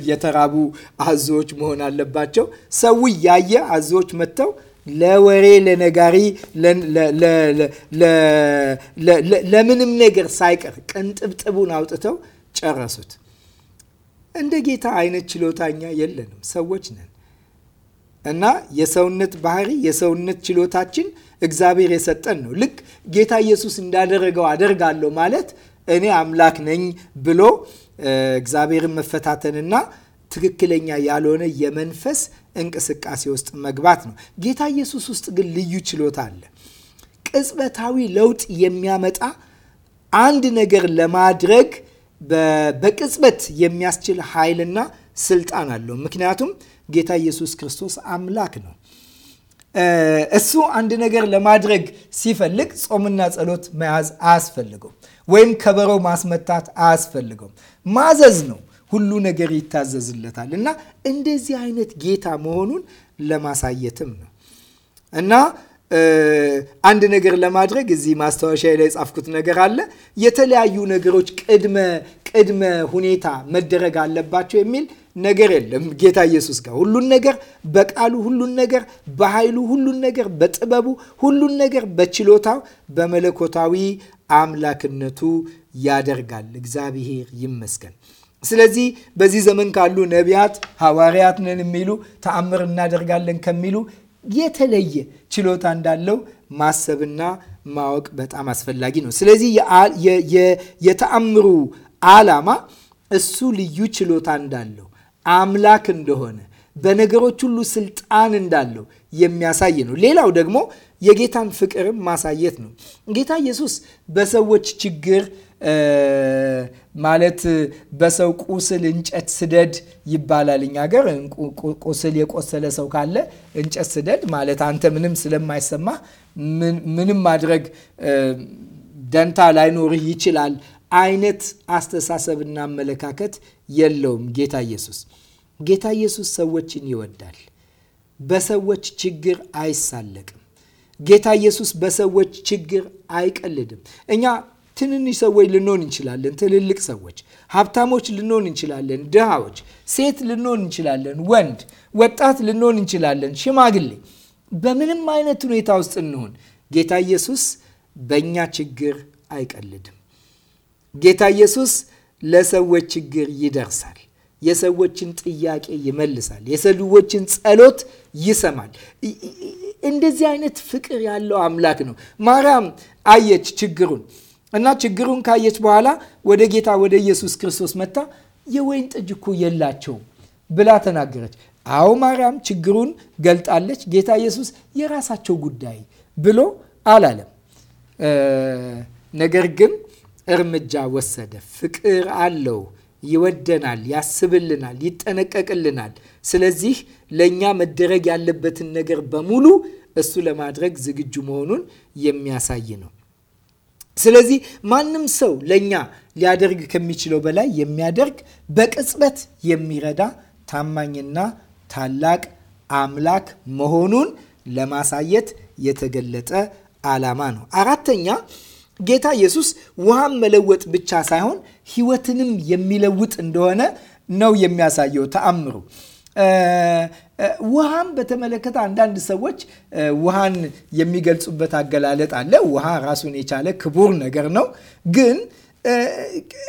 የተራቡ አዞዎች መሆን አለባቸው። ሰው እያየ አዞዎች መጥተው ለወሬ ለነጋሪ ለምንም ነገር ሳይቀር ቅንጥብጥቡን አውጥተው ጨረሱት። እንደ ጌታ አይነት ችሎታኛ የለንም፣ ሰዎች ነን። እና የሰውነት ባህሪ የሰውነት ችሎታችን እግዚአብሔር የሰጠን ነው። ልክ ጌታ ኢየሱስ እንዳደረገው አደርጋለሁ ማለት እኔ አምላክ ነኝ ብሎ እግዚአብሔርን መፈታተንና ትክክለኛ ያልሆነ የመንፈስ እንቅስቃሴ ውስጥ መግባት ነው። ጌታ ኢየሱስ ውስጥ ግን ልዩ ችሎታ አለ። ቅጽበታዊ ለውጥ የሚያመጣ አንድ ነገር ለማድረግ በቅጽበት የሚያስችል ኃይልና ስልጣን አለው። ምክንያቱም ጌታ ኢየሱስ ክርስቶስ አምላክ ነው። እሱ አንድ ነገር ለማድረግ ሲፈልግ ጾምና ጸሎት መያዝ አያስፈልገው፣ ወይም ከበሮ ማስመታት አያስፈልገው። ማዘዝ ነው፣ ሁሉ ነገር ይታዘዝለታል። እና እንደዚህ አይነት ጌታ መሆኑን ለማሳየትም ነው እና አንድ ነገር ለማድረግ እዚህ ማስታወሻ ላይ የጻፍኩት ነገር አለ። የተለያዩ ነገሮች ቅድመ ቅድመ ሁኔታ መደረግ አለባቸው የሚል ነገር የለም ጌታ ኢየሱስ ጋር። ሁሉን ነገር በቃሉ፣ ሁሉን ነገር በኃይሉ፣ ሁሉን ነገር በጥበቡ፣ ሁሉን ነገር በችሎታው በመለኮታዊ አምላክነቱ ያደርጋል። እግዚአብሔር ይመስገን። ስለዚህ በዚህ ዘመን ካሉ ነቢያት፣ ሐዋርያት ነን የሚሉ ተአምር እናደርጋለን ከሚሉ የተለየ ችሎታ እንዳለው ማሰብና ማወቅ በጣም አስፈላጊ ነው። ስለዚህ የተአምሩ ዓላማ እሱ ልዩ ችሎታ እንዳለው አምላክ እንደሆነ በነገሮች ሁሉ ስልጣን እንዳለው የሚያሳይ ነው። ሌላው ደግሞ የጌታን ፍቅርም ማሳየት ነው። ጌታ ኢየሱስ በሰዎች ችግር ማለት በሰው ቁስል እንጨት ስደድ ይባላል። እኛ ሀገር ቁስል የቆሰለ ሰው ካለ እንጨት ስደድ ማለት አንተ ምንም ስለማይሰማ ምንም ማድረግ ደንታ ላይኖርህ ይችላል አይነት አስተሳሰብና አመለካከት የለውም። ጌታ ኢየሱስ ጌታ ኢየሱስ ሰዎችን ይወዳል። በሰዎች ችግር አይሳለቅም። ጌታ ኢየሱስ በሰዎች ችግር አይቀልድም። እኛ ትንንሽ ሰዎች ልንሆን እንችላለን፣ ትልልቅ ሰዎች፣ ሀብታሞች ልንሆን እንችላለን፣ ድሃዎች፣ ሴት ልንሆን እንችላለን፣ ወንድ፣ ወጣት ልንሆን እንችላለን፣ ሽማግሌ፣ በምንም አይነት ሁኔታ ውስጥ እንሆን ጌታ ኢየሱስ በእኛ ችግር አይቀልድም። ጌታ ኢየሱስ ለሰዎች ችግር ይደርሳል። የሰዎችን ጥያቄ ይመልሳል። የሰዎችን ጸሎት ይሰማል። እንደዚህ አይነት ፍቅር ያለው አምላክ ነው። ማርያም አየች ችግሩን እና ችግሩን ካየች በኋላ ወደ ጌታ ወደ ኢየሱስ ክርስቶስ መጥታ የወይን ጠጅ እኮ የላቸውም ብላ ተናገረች። አዎ ማርያም ችግሩን ገልጣለች። ጌታ ኢየሱስ የራሳቸው ጉዳይ ብሎ አላለም። ነገር ግን እርምጃ ወሰደ። ፍቅር አለው። ይወደናል፣ ያስብልናል፣ ይጠነቀቅልናል። ስለዚህ ለእኛ መደረግ ያለበትን ነገር በሙሉ እሱ ለማድረግ ዝግጁ መሆኑን የሚያሳይ ነው። ስለዚህ ማንም ሰው ለእኛ ሊያደርግ ከሚችለው በላይ የሚያደርግ በቅጽበት የሚረዳ ታማኝና ታላቅ አምላክ መሆኑን ለማሳየት የተገለጠ ዓላማ ነው። አራተኛ ጌታ ኢየሱስ ውሃን መለወጥ ብቻ ሳይሆን ሕይወትንም የሚለውጥ እንደሆነ ነው የሚያሳየው ተአምሩ። ውሃን በተመለከተ አንዳንድ ሰዎች ውሃን የሚገልጹበት አገላለጥ አለ። ውሃ ራሱን የቻለ ክቡር ነገር ነው፣ ግን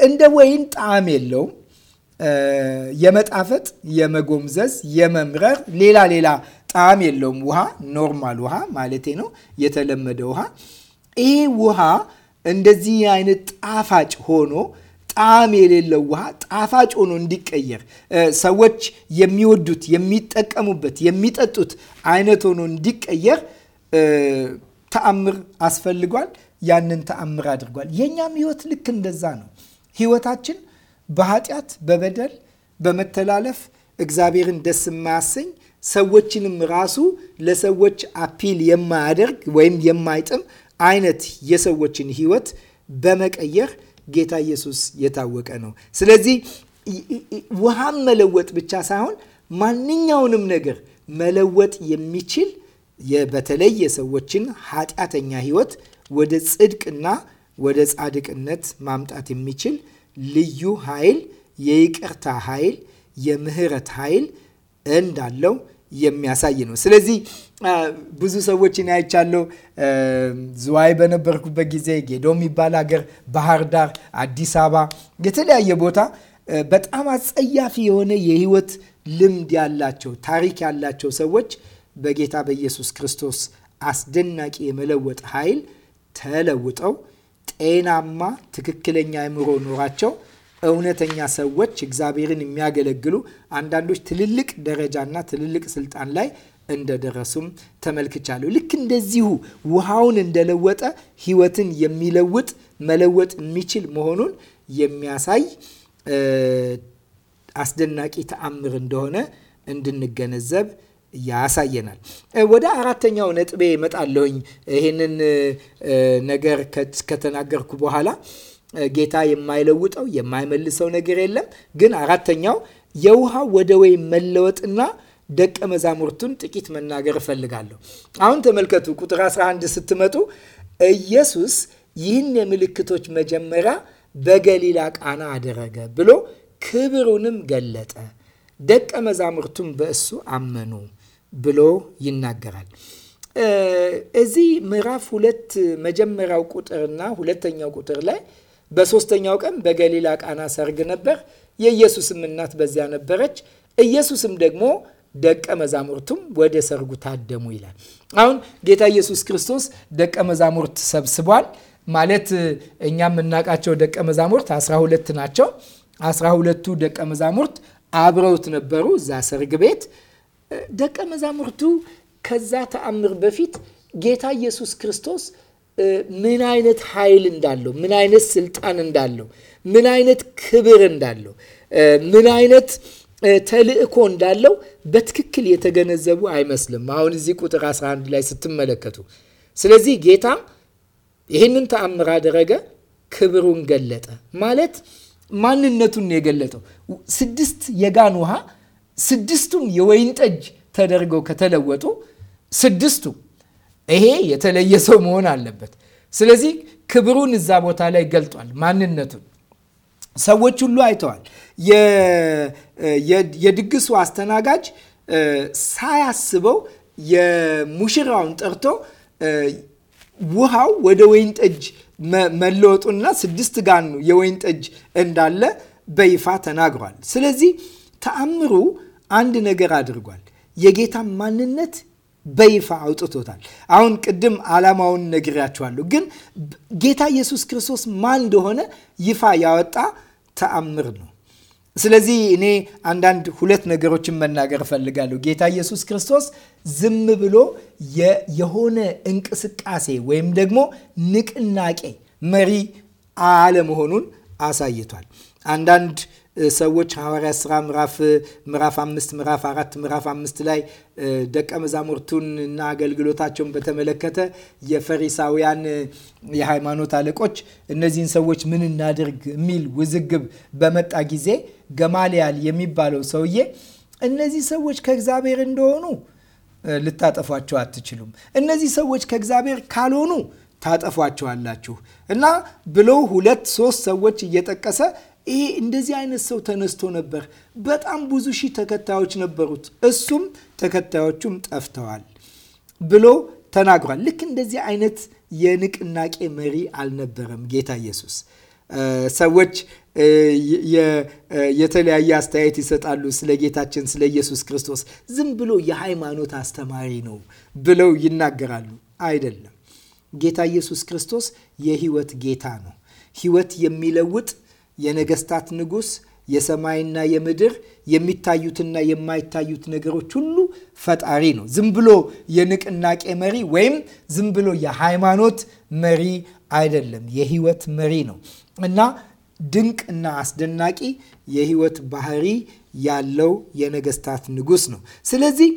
እንደ ወይን ጣዕም የለውም። የመጣፈጥ፣ የመጎምዘዝ፣ የመምረር ሌላ ሌላ ጣዕም የለውም። ውሃ ኖርማል ውሃ ማለቴ ነው፣ የተለመደ ውሃ ይሄ ውሃ እንደዚህ አይነት ጣፋጭ ሆኖ ጣዕም የሌለው ውሃ ጣፋጭ ሆኖ እንዲቀየር ሰዎች የሚወዱት የሚጠቀሙበት የሚጠጡት አይነት ሆኖ እንዲቀየር ተአምር አስፈልጓል። ያንን ተአምር አድርጓል። የእኛም ህይወት ልክ እንደዛ ነው። ህይወታችን በኃጢአት በበደል በመተላለፍ እግዚአብሔርን ደስ የማያሰኝ ሰዎችንም ራሱ ለሰዎች አፒል የማያደርግ ወይም የማይጥም አይነት የሰዎችን ህይወት በመቀየር ጌታ ኢየሱስ የታወቀ ነው። ስለዚህ ውሃም መለወጥ ብቻ ሳይሆን ማንኛውንም ነገር መለወጥ የሚችል በተለይ የሰዎችን ኃጢአተኛ ህይወት ወደ ጽድቅና ወደ ጻድቅነት ማምጣት የሚችል ልዩ ኃይል፣ የይቅርታ ኃይል፣ የምህረት ኃይል እንዳለው የሚያሳይ ነው። ስለዚህ ብዙ ሰዎችን አይቻለሁ። ዝዋይ በነበርኩበት ጊዜ ጌዶ የሚባል ሀገር፣ ባህር ዳር፣ አዲስ አበባ፣ የተለያየ ቦታ በጣም አጸያፊ የሆነ የህይወት ልምድ ያላቸው ታሪክ ያላቸው ሰዎች በጌታ በኢየሱስ ክርስቶስ አስደናቂ የመለወጥ ኃይል ተለውጠው ጤናማ ትክክለኛ አእምሮ ኖራቸው እውነተኛ ሰዎች እግዚአብሔርን የሚያገለግሉ አንዳንዶች ትልልቅ ደረጃና ትልልቅ ስልጣን ላይ እንደደረሱም ተመልክቻለሁ። ልክ እንደዚሁ ውሃውን እንደለወጠ ህይወትን የሚለውጥ መለወጥ የሚችል መሆኑን የሚያሳይ አስደናቂ ተአምር እንደሆነ እንድንገነዘብ ያሳየናል። ወደ አራተኛው ነጥቤ እመጣለሁኝ። ይህንን ነገር ከተናገርኩ በኋላ ጌታ የማይለውጠው የማይመልሰው ነገር የለም። ግን አራተኛው የውሃ ወደ ወይ መለወጥና ደቀ መዛሙርቱን ጥቂት መናገር እፈልጋለሁ። አሁን ተመልከቱ፣ ቁጥር 11 ስትመጡ ኢየሱስ ይህን የምልክቶች መጀመሪያ በገሊላ ቃና አደረገ ብሎ ክብሩንም ገለጠ፣ ደቀ መዛሙርቱም በእሱ አመኑ ብሎ ይናገራል። እዚህ ምዕራፍ ሁለት መጀመሪያው ቁጥርና ሁለተኛው ቁጥር ላይ በሶስተኛው ቀን በገሊላ ቃና ሰርግ ነበር። የኢየሱስም እናት በዚያ ነበረች። ኢየሱስም ደግሞ ደቀ መዛሙርቱም ወደ ሰርጉ ታደሙ ይላል። አሁን ጌታ ኢየሱስ ክርስቶስ ደቀ መዛሙርት ሰብስቧል። ማለት እኛ የምናውቃቸው ደቀ መዛሙርት አስራ ሁለት ናቸው። አስራ ሁለቱ ደቀ መዛሙርት አብረውት ነበሩ እዛ ሰርግ ቤት። ደቀ መዛሙርቱ ከዛ ተአምር በፊት ጌታ ኢየሱስ ክርስቶስ ምን አይነት ኃይል እንዳለው፣ ምን አይነት ስልጣን እንዳለው፣ ምን አይነት ክብር እንዳለው፣ ምን አይነት ተልእኮ እንዳለው በትክክል የተገነዘቡ አይመስልም። አሁን እዚህ ቁጥር 11 ላይ ስትመለከቱ፣ ስለዚህ ጌታ ይህንን ተአምር አደረገ፣ ክብሩን ገለጠ። ማለት ማንነቱን የገለጠው ስድስት የጋን ውሃ ስድስቱም የወይን ጠጅ ተደርገው ከተለወጡ ስድስቱ ይሄ የተለየ ሰው መሆን አለበት። ስለዚህ ክብሩን እዛ ቦታ ላይ ገልጧል። ማንነቱን ሰዎች ሁሉ አይተዋል። የድግሱ አስተናጋጅ ሳያስበው የሙሽራውን ጠርቶ ውሃው ወደ ወይን ጠጅ መለወጡና ስድስት ጋኑ የወይን ጠጅ እንዳለ በይፋ ተናግሯል። ስለዚህ ተአምሩ አንድ ነገር አድርጓል። የጌታ ማንነት በይፋ አውጥቶታል። አሁን ቅድም ዓላማውን ነግሬያችኋለሁ፣ ግን ጌታ ኢየሱስ ክርስቶስ ማን እንደሆነ ይፋ ያወጣ ተአምር ነው። ስለዚህ እኔ አንዳንድ ሁለት ነገሮችን መናገር እፈልጋለሁ። ጌታ ኢየሱስ ክርስቶስ ዝም ብሎ የሆነ እንቅስቃሴ ወይም ደግሞ ንቅናቄ መሪ አለመሆኑን አሳይቷል። አንዳንድ ሰዎች ሐዋርያ ስራ ምዕራፍ ምዕራፍ አምስት ምዕራፍ አራት ምዕራፍ አምስት ላይ ደቀ መዛሙርቱን እና አገልግሎታቸውን በተመለከተ የፈሪሳውያን የሃይማኖት አለቆች እነዚህን ሰዎች ምን እናድርግ የሚል ውዝግብ በመጣ ጊዜ ገማልያል የሚባለው ሰውዬ እነዚህ ሰዎች ከእግዚአብሔር እንደሆኑ ልታጠፏቸው አትችሉም፣ እነዚህ ሰዎች ከእግዚአብሔር ካልሆኑ ታጠፏቸዋላችሁ እና ብሎ ሁለት ሶስት ሰዎች እየጠቀሰ ይሄ እንደዚህ አይነት ሰው ተነስቶ ነበር። በጣም ብዙ ሺህ ተከታዮች ነበሩት፣ እሱም ተከታዮቹም ጠፍተዋል ብሎ ተናግሯል። ልክ እንደዚህ አይነት የንቅናቄ መሪ አልነበረም ጌታ ኢየሱስ። ሰዎች የተለያየ አስተያየት ይሰጣሉ ስለ ጌታችን ስለ ኢየሱስ ክርስቶስ። ዝም ብሎ የሃይማኖት አስተማሪ ነው ብለው ይናገራሉ። አይደለም። ጌታ ኢየሱስ ክርስቶስ የህይወት ጌታ ነው። ህይወት የሚለውጥ የነገስታት ንጉስ የሰማይና የምድር የሚታዩትና የማይታዩት ነገሮች ሁሉ ፈጣሪ ነው። ዝም ብሎ የንቅናቄ መሪ ወይም ዝም ብሎ የሃይማኖት መሪ አይደለም፣ የህይወት መሪ ነው እና ድንቅ እና አስደናቂ የህይወት ባህሪ ያለው የነገስታት ንጉስ ነው። ስለዚህ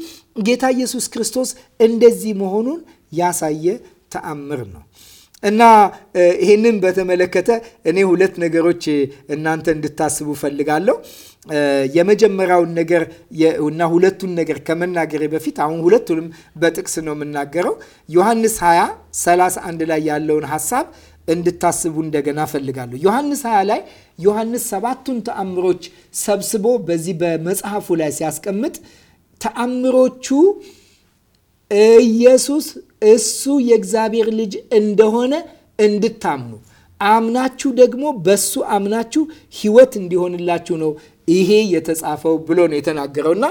ጌታ ኢየሱስ ክርስቶስ እንደዚህ መሆኑን ያሳየ ተአምር ነው። እና ይህንን በተመለከተ እኔ ሁለት ነገሮች እናንተ እንድታስቡ ፈልጋለሁ። የመጀመሪያውን ነገር እና ሁለቱን ነገር ከመናገሬ በፊት አሁን ሁለቱንም በጥቅስ ነው የምናገረው። ዮሐንስ 20 31 ላይ ያለውን ሀሳብ እንድታስቡ እንደገና ፈልጋለሁ። ዮሐንስ 20 ላይ ዮሐንስ ሰባቱን ተአምሮች ሰብስቦ በዚህ በመጽሐፉ ላይ ሲያስቀምጥ ተአምሮቹ ኢየሱስ እሱ የእግዚአብሔር ልጅ እንደሆነ እንድታምኑ አምናችሁ ደግሞ በሱ አምናችሁ ህይወት እንዲሆንላችሁ ነው ይሄ የተጻፈው ብሎ ነው የተናገረው እና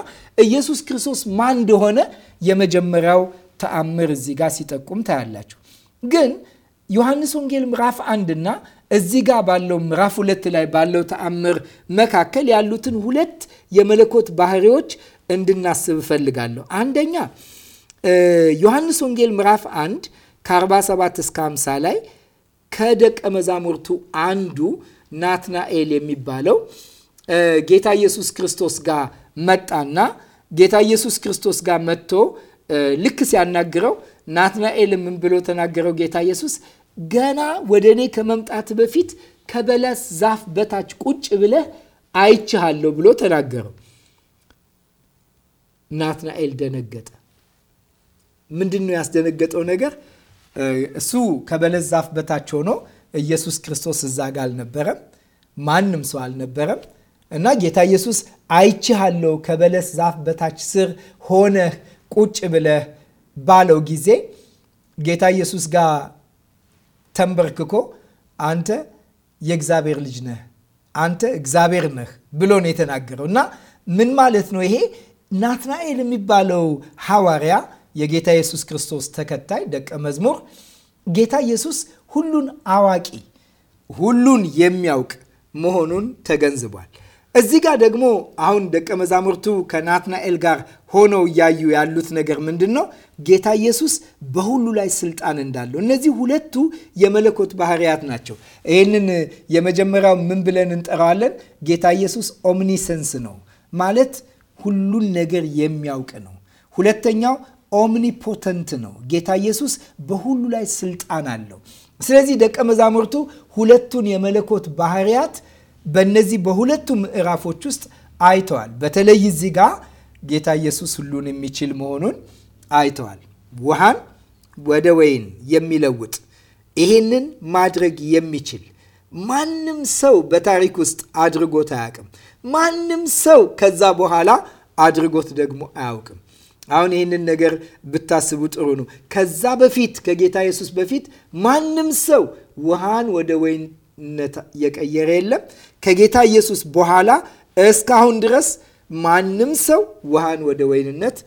ኢየሱስ ክርስቶስ ማን እንደሆነ የመጀመሪያው ተአምር እዚህ ጋር ሲጠቁም ታያላችሁ። ግን ዮሐንስ ወንጌል ምዕራፍ አንድና እና እዚህ ጋር ባለው ምዕራፍ ሁለት ላይ ባለው ተአምር መካከል ያሉትን ሁለት የመለኮት ባህሪዎች እንድናስብ እፈልጋለሁ። አንደኛ ዮሐንስ ወንጌል ምዕራፍ 1 ከ47 እስከ 50 ላይ ከደቀ መዛሙርቱ አንዱ ናትናኤል የሚባለው ጌታ ኢየሱስ ክርስቶስ ጋር መጣና ጌታ ኢየሱስ ክርስቶስ ጋር መጥቶ ልክ ሲያናግረው ናትናኤል ምን ብሎ ተናገረው? ጌታ ኢየሱስ ገና ወደ እኔ ከመምጣት በፊት ከበለስ ዛፍ በታች ቁጭ ብለህ አይችሃለሁ ብሎ ተናገረው። ናትናኤል ደነገጠ። ምንድን ነው ያስደነገጠው ነገር? እሱ ከበለስ ዛፍ በታች ሆኖ ኢየሱስ ክርስቶስ እዛ ጋ አልነበረም። ማንም ሰው አልነበረም። እና ጌታ ኢየሱስ አይችሃለው ከበለስ ዛፍ በታች ስር ሆነህ ቁጭ ብለህ ባለው ጊዜ ጌታ ኢየሱስ ጋር ተንበርክኮ አንተ የእግዚአብሔር ልጅ ነህ፣ አንተ እግዚአብሔር ነህ ብሎ ነው የተናገረው። እና ምን ማለት ነው ይሄ ናትናኤል የሚባለው ሐዋርያ የጌታ ኢየሱስ ክርስቶስ ተከታይ ደቀ መዝሙር ጌታ ኢየሱስ ሁሉን አዋቂ፣ ሁሉን የሚያውቅ መሆኑን ተገንዝቧል። እዚህ ጋር ደግሞ አሁን ደቀ መዛሙርቱ ከናትናኤል ጋር ሆነው እያዩ ያሉት ነገር ምንድን ነው? ጌታ ኢየሱስ በሁሉ ላይ ስልጣን እንዳለው። እነዚህ ሁለቱ የመለኮት ባህርያት ናቸው። ይህንን የመጀመሪያው ምን ብለን እንጠራዋለን? ጌታ ኢየሱስ ኦምኒሰንስ ነው ማለት ሁሉን ነገር የሚያውቅ ነው። ሁለተኛው ኦምኒፖተንት ነው። ጌታ ኢየሱስ በሁሉ ላይ ስልጣን አለው። ስለዚህ ደቀ መዛሙርቱ ሁለቱን የመለኮት ባህሪያት በእነዚህ በሁለቱ ምዕራፎች ውስጥ አይተዋል። በተለይ እዚህ ጋ ጌታ ኢየሱስ ሁሉን የሚችል መሆኑን አይተዋል። ውሃን ወደ ወይን የሚለውጥ ይሄንን ማድረግ የሚችል ማንም ሰው በታሪክ ውስጥ አድርጎት አያውቅም። ማንም ሰው ከዛ በኋላ አድርጎት ደግሞ አያውቅም። አሁን ይህንን ነገር ብታስቡ ጥሩ ነው። ከዛ በፊት ከጌታ ኢየሱስ በፊት ማንም ሰው ውሃን ወደ ወይንነት የቀየረ የለም። ከጌታ ኢየሱስ በኋላ እስካሁን ድረስ ማንም ሰው ውሃን ወደ ወይንነት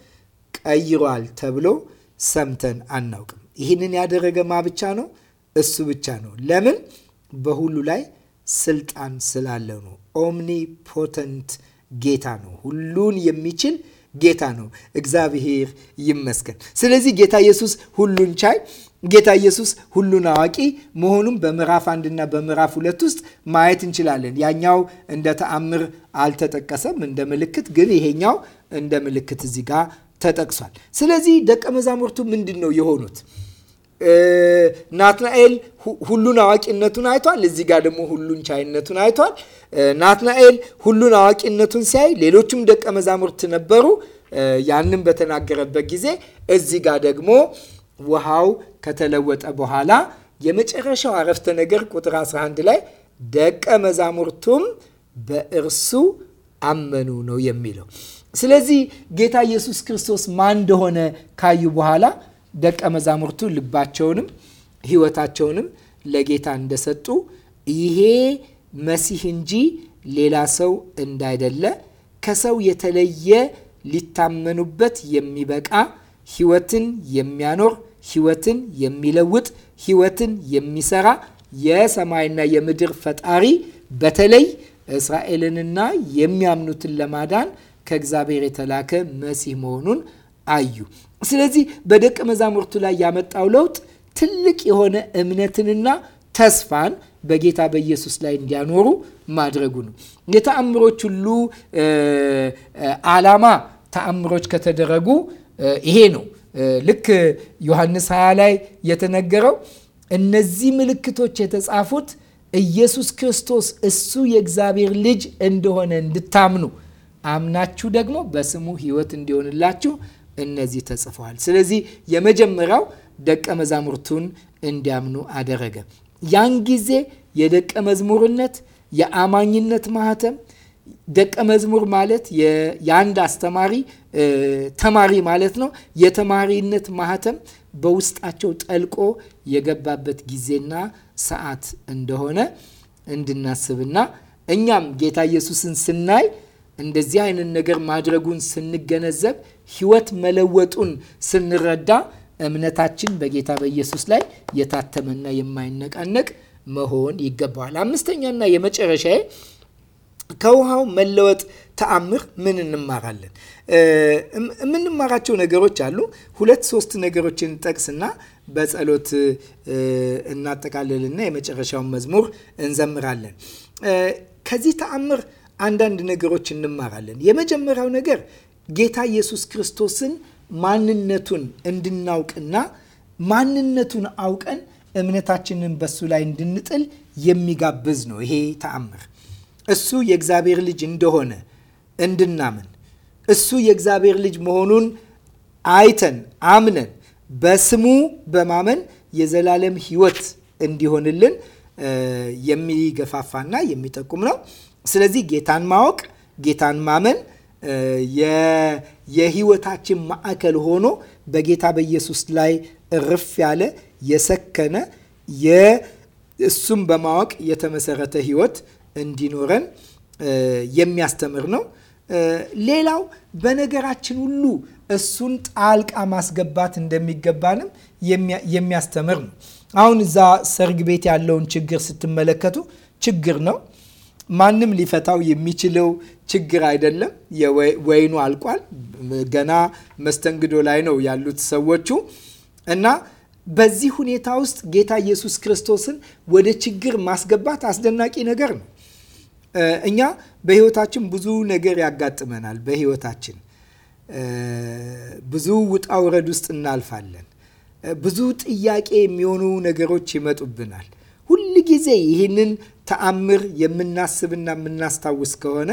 ቀይሯል ተብሎ ሰምተን አናውቅም። ይህንን ያደረገ ማ ብቻ ነው? እሱ ብቻ ነው። ለምን? በሁሉ ላይ ስልጣን ስላለ ነው። ኦምኒፖተንት ጌታ ነው። ሁሉን የሚችል ጌታ ነው። እግዚአብሔር ይመስገን። ስለዚህ ጌታ ኢየሱስ ሁሉን ቻይ፣ ጌታ ኢየሱስ ሁሉን አዋቂ መሆኑን በምዕራፍ አንድና በምዕራፍ ሁለት ውስጥ ማየት እንችላለን። ያኛው እንደ ተአምር አልተጠቀሰም እንደ ምልክት ግን ይሄኛው እንደ ምልክት እዚህ ጋር ተጠቅሷል። ስለዚህ ደቀ መዛሙርቱ ምንድን ነው የሆኑት? ናትናኤል ሁሉን አዋቂነቱን አይቷል። እዚህ ጋር ደግሞ ሁሉን ቻይነቱን አይቷል። ናትናኤል ሁሉን አዋቂነቱን ሲያይ ሌሎቹም ደቀ መዛሙርት ነበሩ። ያንን በተናገረበት ጊዜ እዚህ ጋር ደግሞ ውሃው ከተለወጠ በኋላ የመጨረሻው አረፍተ ነገር ቁጥር 11 ላይ ደቀ መዛሙርቱም በእርሱ አመኑ ነው የሚለው። ስለዚህ ጌታ ኢየሱስ ክርስቶስ ማን እንደሆነ ካዩ በኋላ ደቀ መዛሙርቱ ልባቸውንም ሕይወታቸውንም ለጌታ እንደሰጡ ይሄ መሲህ እንጂ ሌላ ሰው እንዳይደለ ከሰው የተለየ ሊታመኑበት የሚበቃ ሕይወትን የሚያኖር ሕይወትን የሚለውጥ ሕይወትን የሚሰራ የሰማይና የምድር ፈጣሪ በተለይ እስራኤልንና የሚያምኑትን ለማዳን ከእግዚአብሔር የተላከ መሲህ መሆኑን አዩ። ስለዚህ በደቀ መዛሙርቱ ላይ ያመጣው ለውጥ ትልቅ የሆነ እምነትንና ተስፋን በጌታ በኢየሱስ ላይ እንዲያኖሩ ማድረጉ ነው። የተአምሮች ሁሉ ዓላማ ተአምሮች ከተደረጉ ይሄ ነው። ልክ ዮሐንስ 20 ላይ የተነገረው እነዚህ ምልክቶች የተጻፉት ኢየሱስ ክርስቶስ እሱ የእግዚአብሔር ልጅ እንደሆነ እንድታምኑ አምናችሁ ደግሞ በስሙ ሕይወት እንዲሆንላችሁ እነዚህ ተጽፈዋል። ስለዚህ የመጀመሪያው ደቀ መዛሙርቱን እንዲያምኑ አደረገ። ያን ጊዜ የደቀ መዝሙርነት የአማኝነት ማህተም ደቀ መዝሙር ማለት የአንድ አስተማሪ ተማሪ ማለት ነው። የተማሪነት ማህተም በውስጣቸው ጠልቆ የገባበት ጊዜና ሰዓት እንደሆነ እንድናስብና እኛም ጌታ ኢየሱስን ስናይ እንደዚህ አይነት ነገር ማድረጉን ስንገነዘብ ህይወት መለወጡን ስንረዳ እምነታችን በጌታ በኢየሱስ ላይ የታተመና የማይነቃነቅ መሆን ይገባዋል። አምስተኛና የመጨረሻ ከውሃው መለወጥ ተአምር ምን እንማራለን? የምንማራቸው ነገሮች አሉ። ሁለት ሶስት ነገሮችን ጠቅስና በጸሎት እናጠቃልልና የመጨረሻውን መዝሙር እንዘምራለን። ከዚህ ተአምር አንዳንድ ነገሮች እንማራለን። የመጀመሪያው ነገር ጌታ ኢየሱስ ክርስቶስን ማንነቱን እንድናውቅና ማንነቱን አውቀን እምነታችንን በሱ ላይ እንድንጥል የሚጋብዝ ነው። ይሄ ተአምር እሱ የእግዚአብሔር ልጅ እንደሆነ እንድናምን እሱ የእግዚአብሔር ልጅ መሆኑን አይተን አምነን በስሙ በማመን የዘላለም ሕይወት እንዲሆንልን የሚገፋፋና የሚጠቁም ነው። ስለዚህ ጌታን ማወቅ፣ ጌታን ማመን የህይወታችን ማዕከል ሆኖ በጌታ በኢየሱስ ላይ እርፍ ያለ የሰከነ እሱም በማወቅ የተመሰረተ ህይወት እንዲኖረን የሚያስተምር ነው። ሌላው በነገራችን ሁሉ እሱን ጣልቃ ማስገባት እንደሚገባንም የሚያስተምር ነው። አሁን እዛ ሰርግ ቤት ያለውን ችግር ስትመለከቱ ችግር ነው ማንም ሊፈታው የሚችለው ችግር አይደለም። ወይኑ አልቋል። ገና መስተንግዶ ላይ ነው ያሉት ሰዎቹ እና በዚህ ሁኔታ ውስጥ ጌታ ኢየሱስ ክርስቶስን ወደ ችግር ማስገባት አስደናቂ ነገር ነው። እኛ በህይወታችን ብዙ ነገር ያጋጥመናል። በህይወታችን ብዙ ውጣ ውረድ ውስጥ እናልፋለን። ብዙ ጥያቄ የሚሆኑ ነገሮች ይመጡብናል። ሁል ጊዜ ይህንን ተአምር የምናስብና የምናስታውስ ከሆነ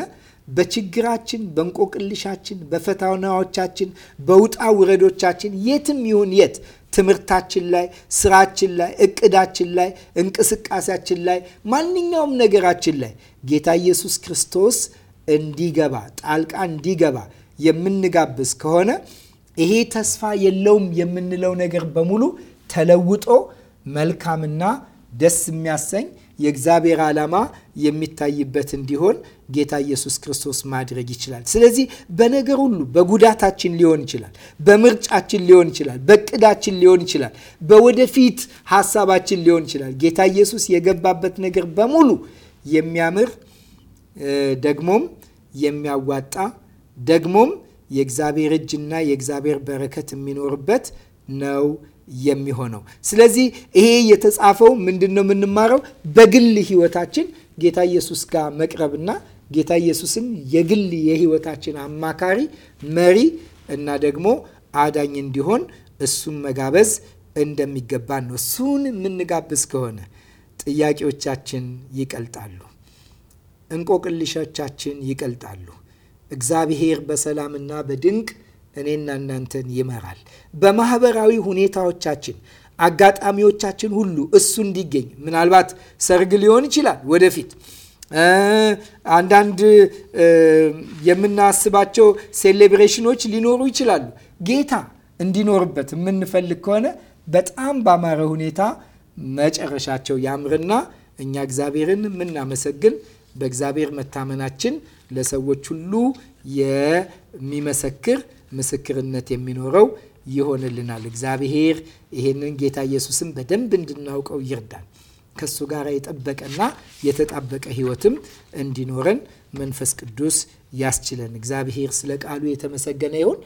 በችግራችን፣ በእንቆቅልሻችን፣ በፈተናዎቻችን፣ በውጣ ውረዶቻችን የትም ይሁን የት ትምህርታችን ላይ፣ ስራችን ላይ፣ እቅዳችን ላይ፣ እንቅስቃሴያችን ላይ፣ ማንኛውም ነገራችን ላይ ጌታ ኢየሱስ ክርስቶስ እንዲገባ ጣልቃ እንዲገባ የምንጋብዝ ከሆነ ይሄ ተስፋ የለውም የምንለው ነገር በሙሉ ተለውጦ መልካምና ደስ የሚያሰኝ የእግዚአብሔር ዓላማ የሚታይበት እንዲሆን ጌታ ኢየሱስ ክርስቶስ ማድረግ ይችላል። ስለዚህ በነገር ሁሉ በጉዳታችን ሊሆን ይችላል፣ በምርጫችን ሊሆን ይችላል፣ በእቅዳችን ሊሆን ይችላል፣ በወደፊት ሀሳባችን ሊሆን ይችላል። ጌታ ኢየሱስ የገባበት ነገር በሙሉ የሚያምር ደግሞም የሚያዋጣ ደግሞም የእግዚአብሔር እጅና የእግዚአብሔር በረከት የሚኖርበት ነው የሚሆነው። ስለዚህ ይሄ የተጻፈው ምንድን ነው የምንማረው? በግል ህይወታችን ጌታ ኢየሱስ ጋር መቅረብና ጌታ ኢየሱስን የግል የህይወታችን አማካሪ፣ መሪ እና ደግሞ አዳኝ እንዲሆን እሱን መጋበዝ እንደሚገባን ነው። እሱን የምንጋብዝ ከሆነ ጥያቄዎቻችን ይቀልጣሉ፣ እንቆቅልሾቻችን ይቀልጣሉ። እግዚአብሔር በሰላምና በድንቅ እኔና እናንተን ይመራል። በማህበራዊ ሁኔታዎቻችን፣ አጋጣሚዎቻችን ሁሉ እሱ እንዲገኝ ምናልባት ሰርግ ሊሆን ይችላል ወደፊት አንዳንድ የምናስባቸው ሴሌብሬሽኖች ሊኖሩ ይችላሉ። ጌታ እንዲኖርበት የምንፈልግ ከሆነ በጣም ባማረ ሁኔታ መጨረሻቸው ያምርና እኛ እግዚአብሔርን የምናመሰግን በእግዚአብሔር መታመናችን ለሰዎች ሁሉ የሚመሰክር ምስክርነት የሚኖረው ይሆንልናል። እግዚአብሔር ይህንን ጌታ ኢየሱስን በደንብ እንድናውቀው ይርዳል። ከእሱ ጋር የጠበቀና የተጣበቀ ሕይወትም እንዲኖረን መንፈስ ቅዱስ ያስችለን። እግዚአብሔር ስለ ቃሉ የተመሰገነ ይሁን።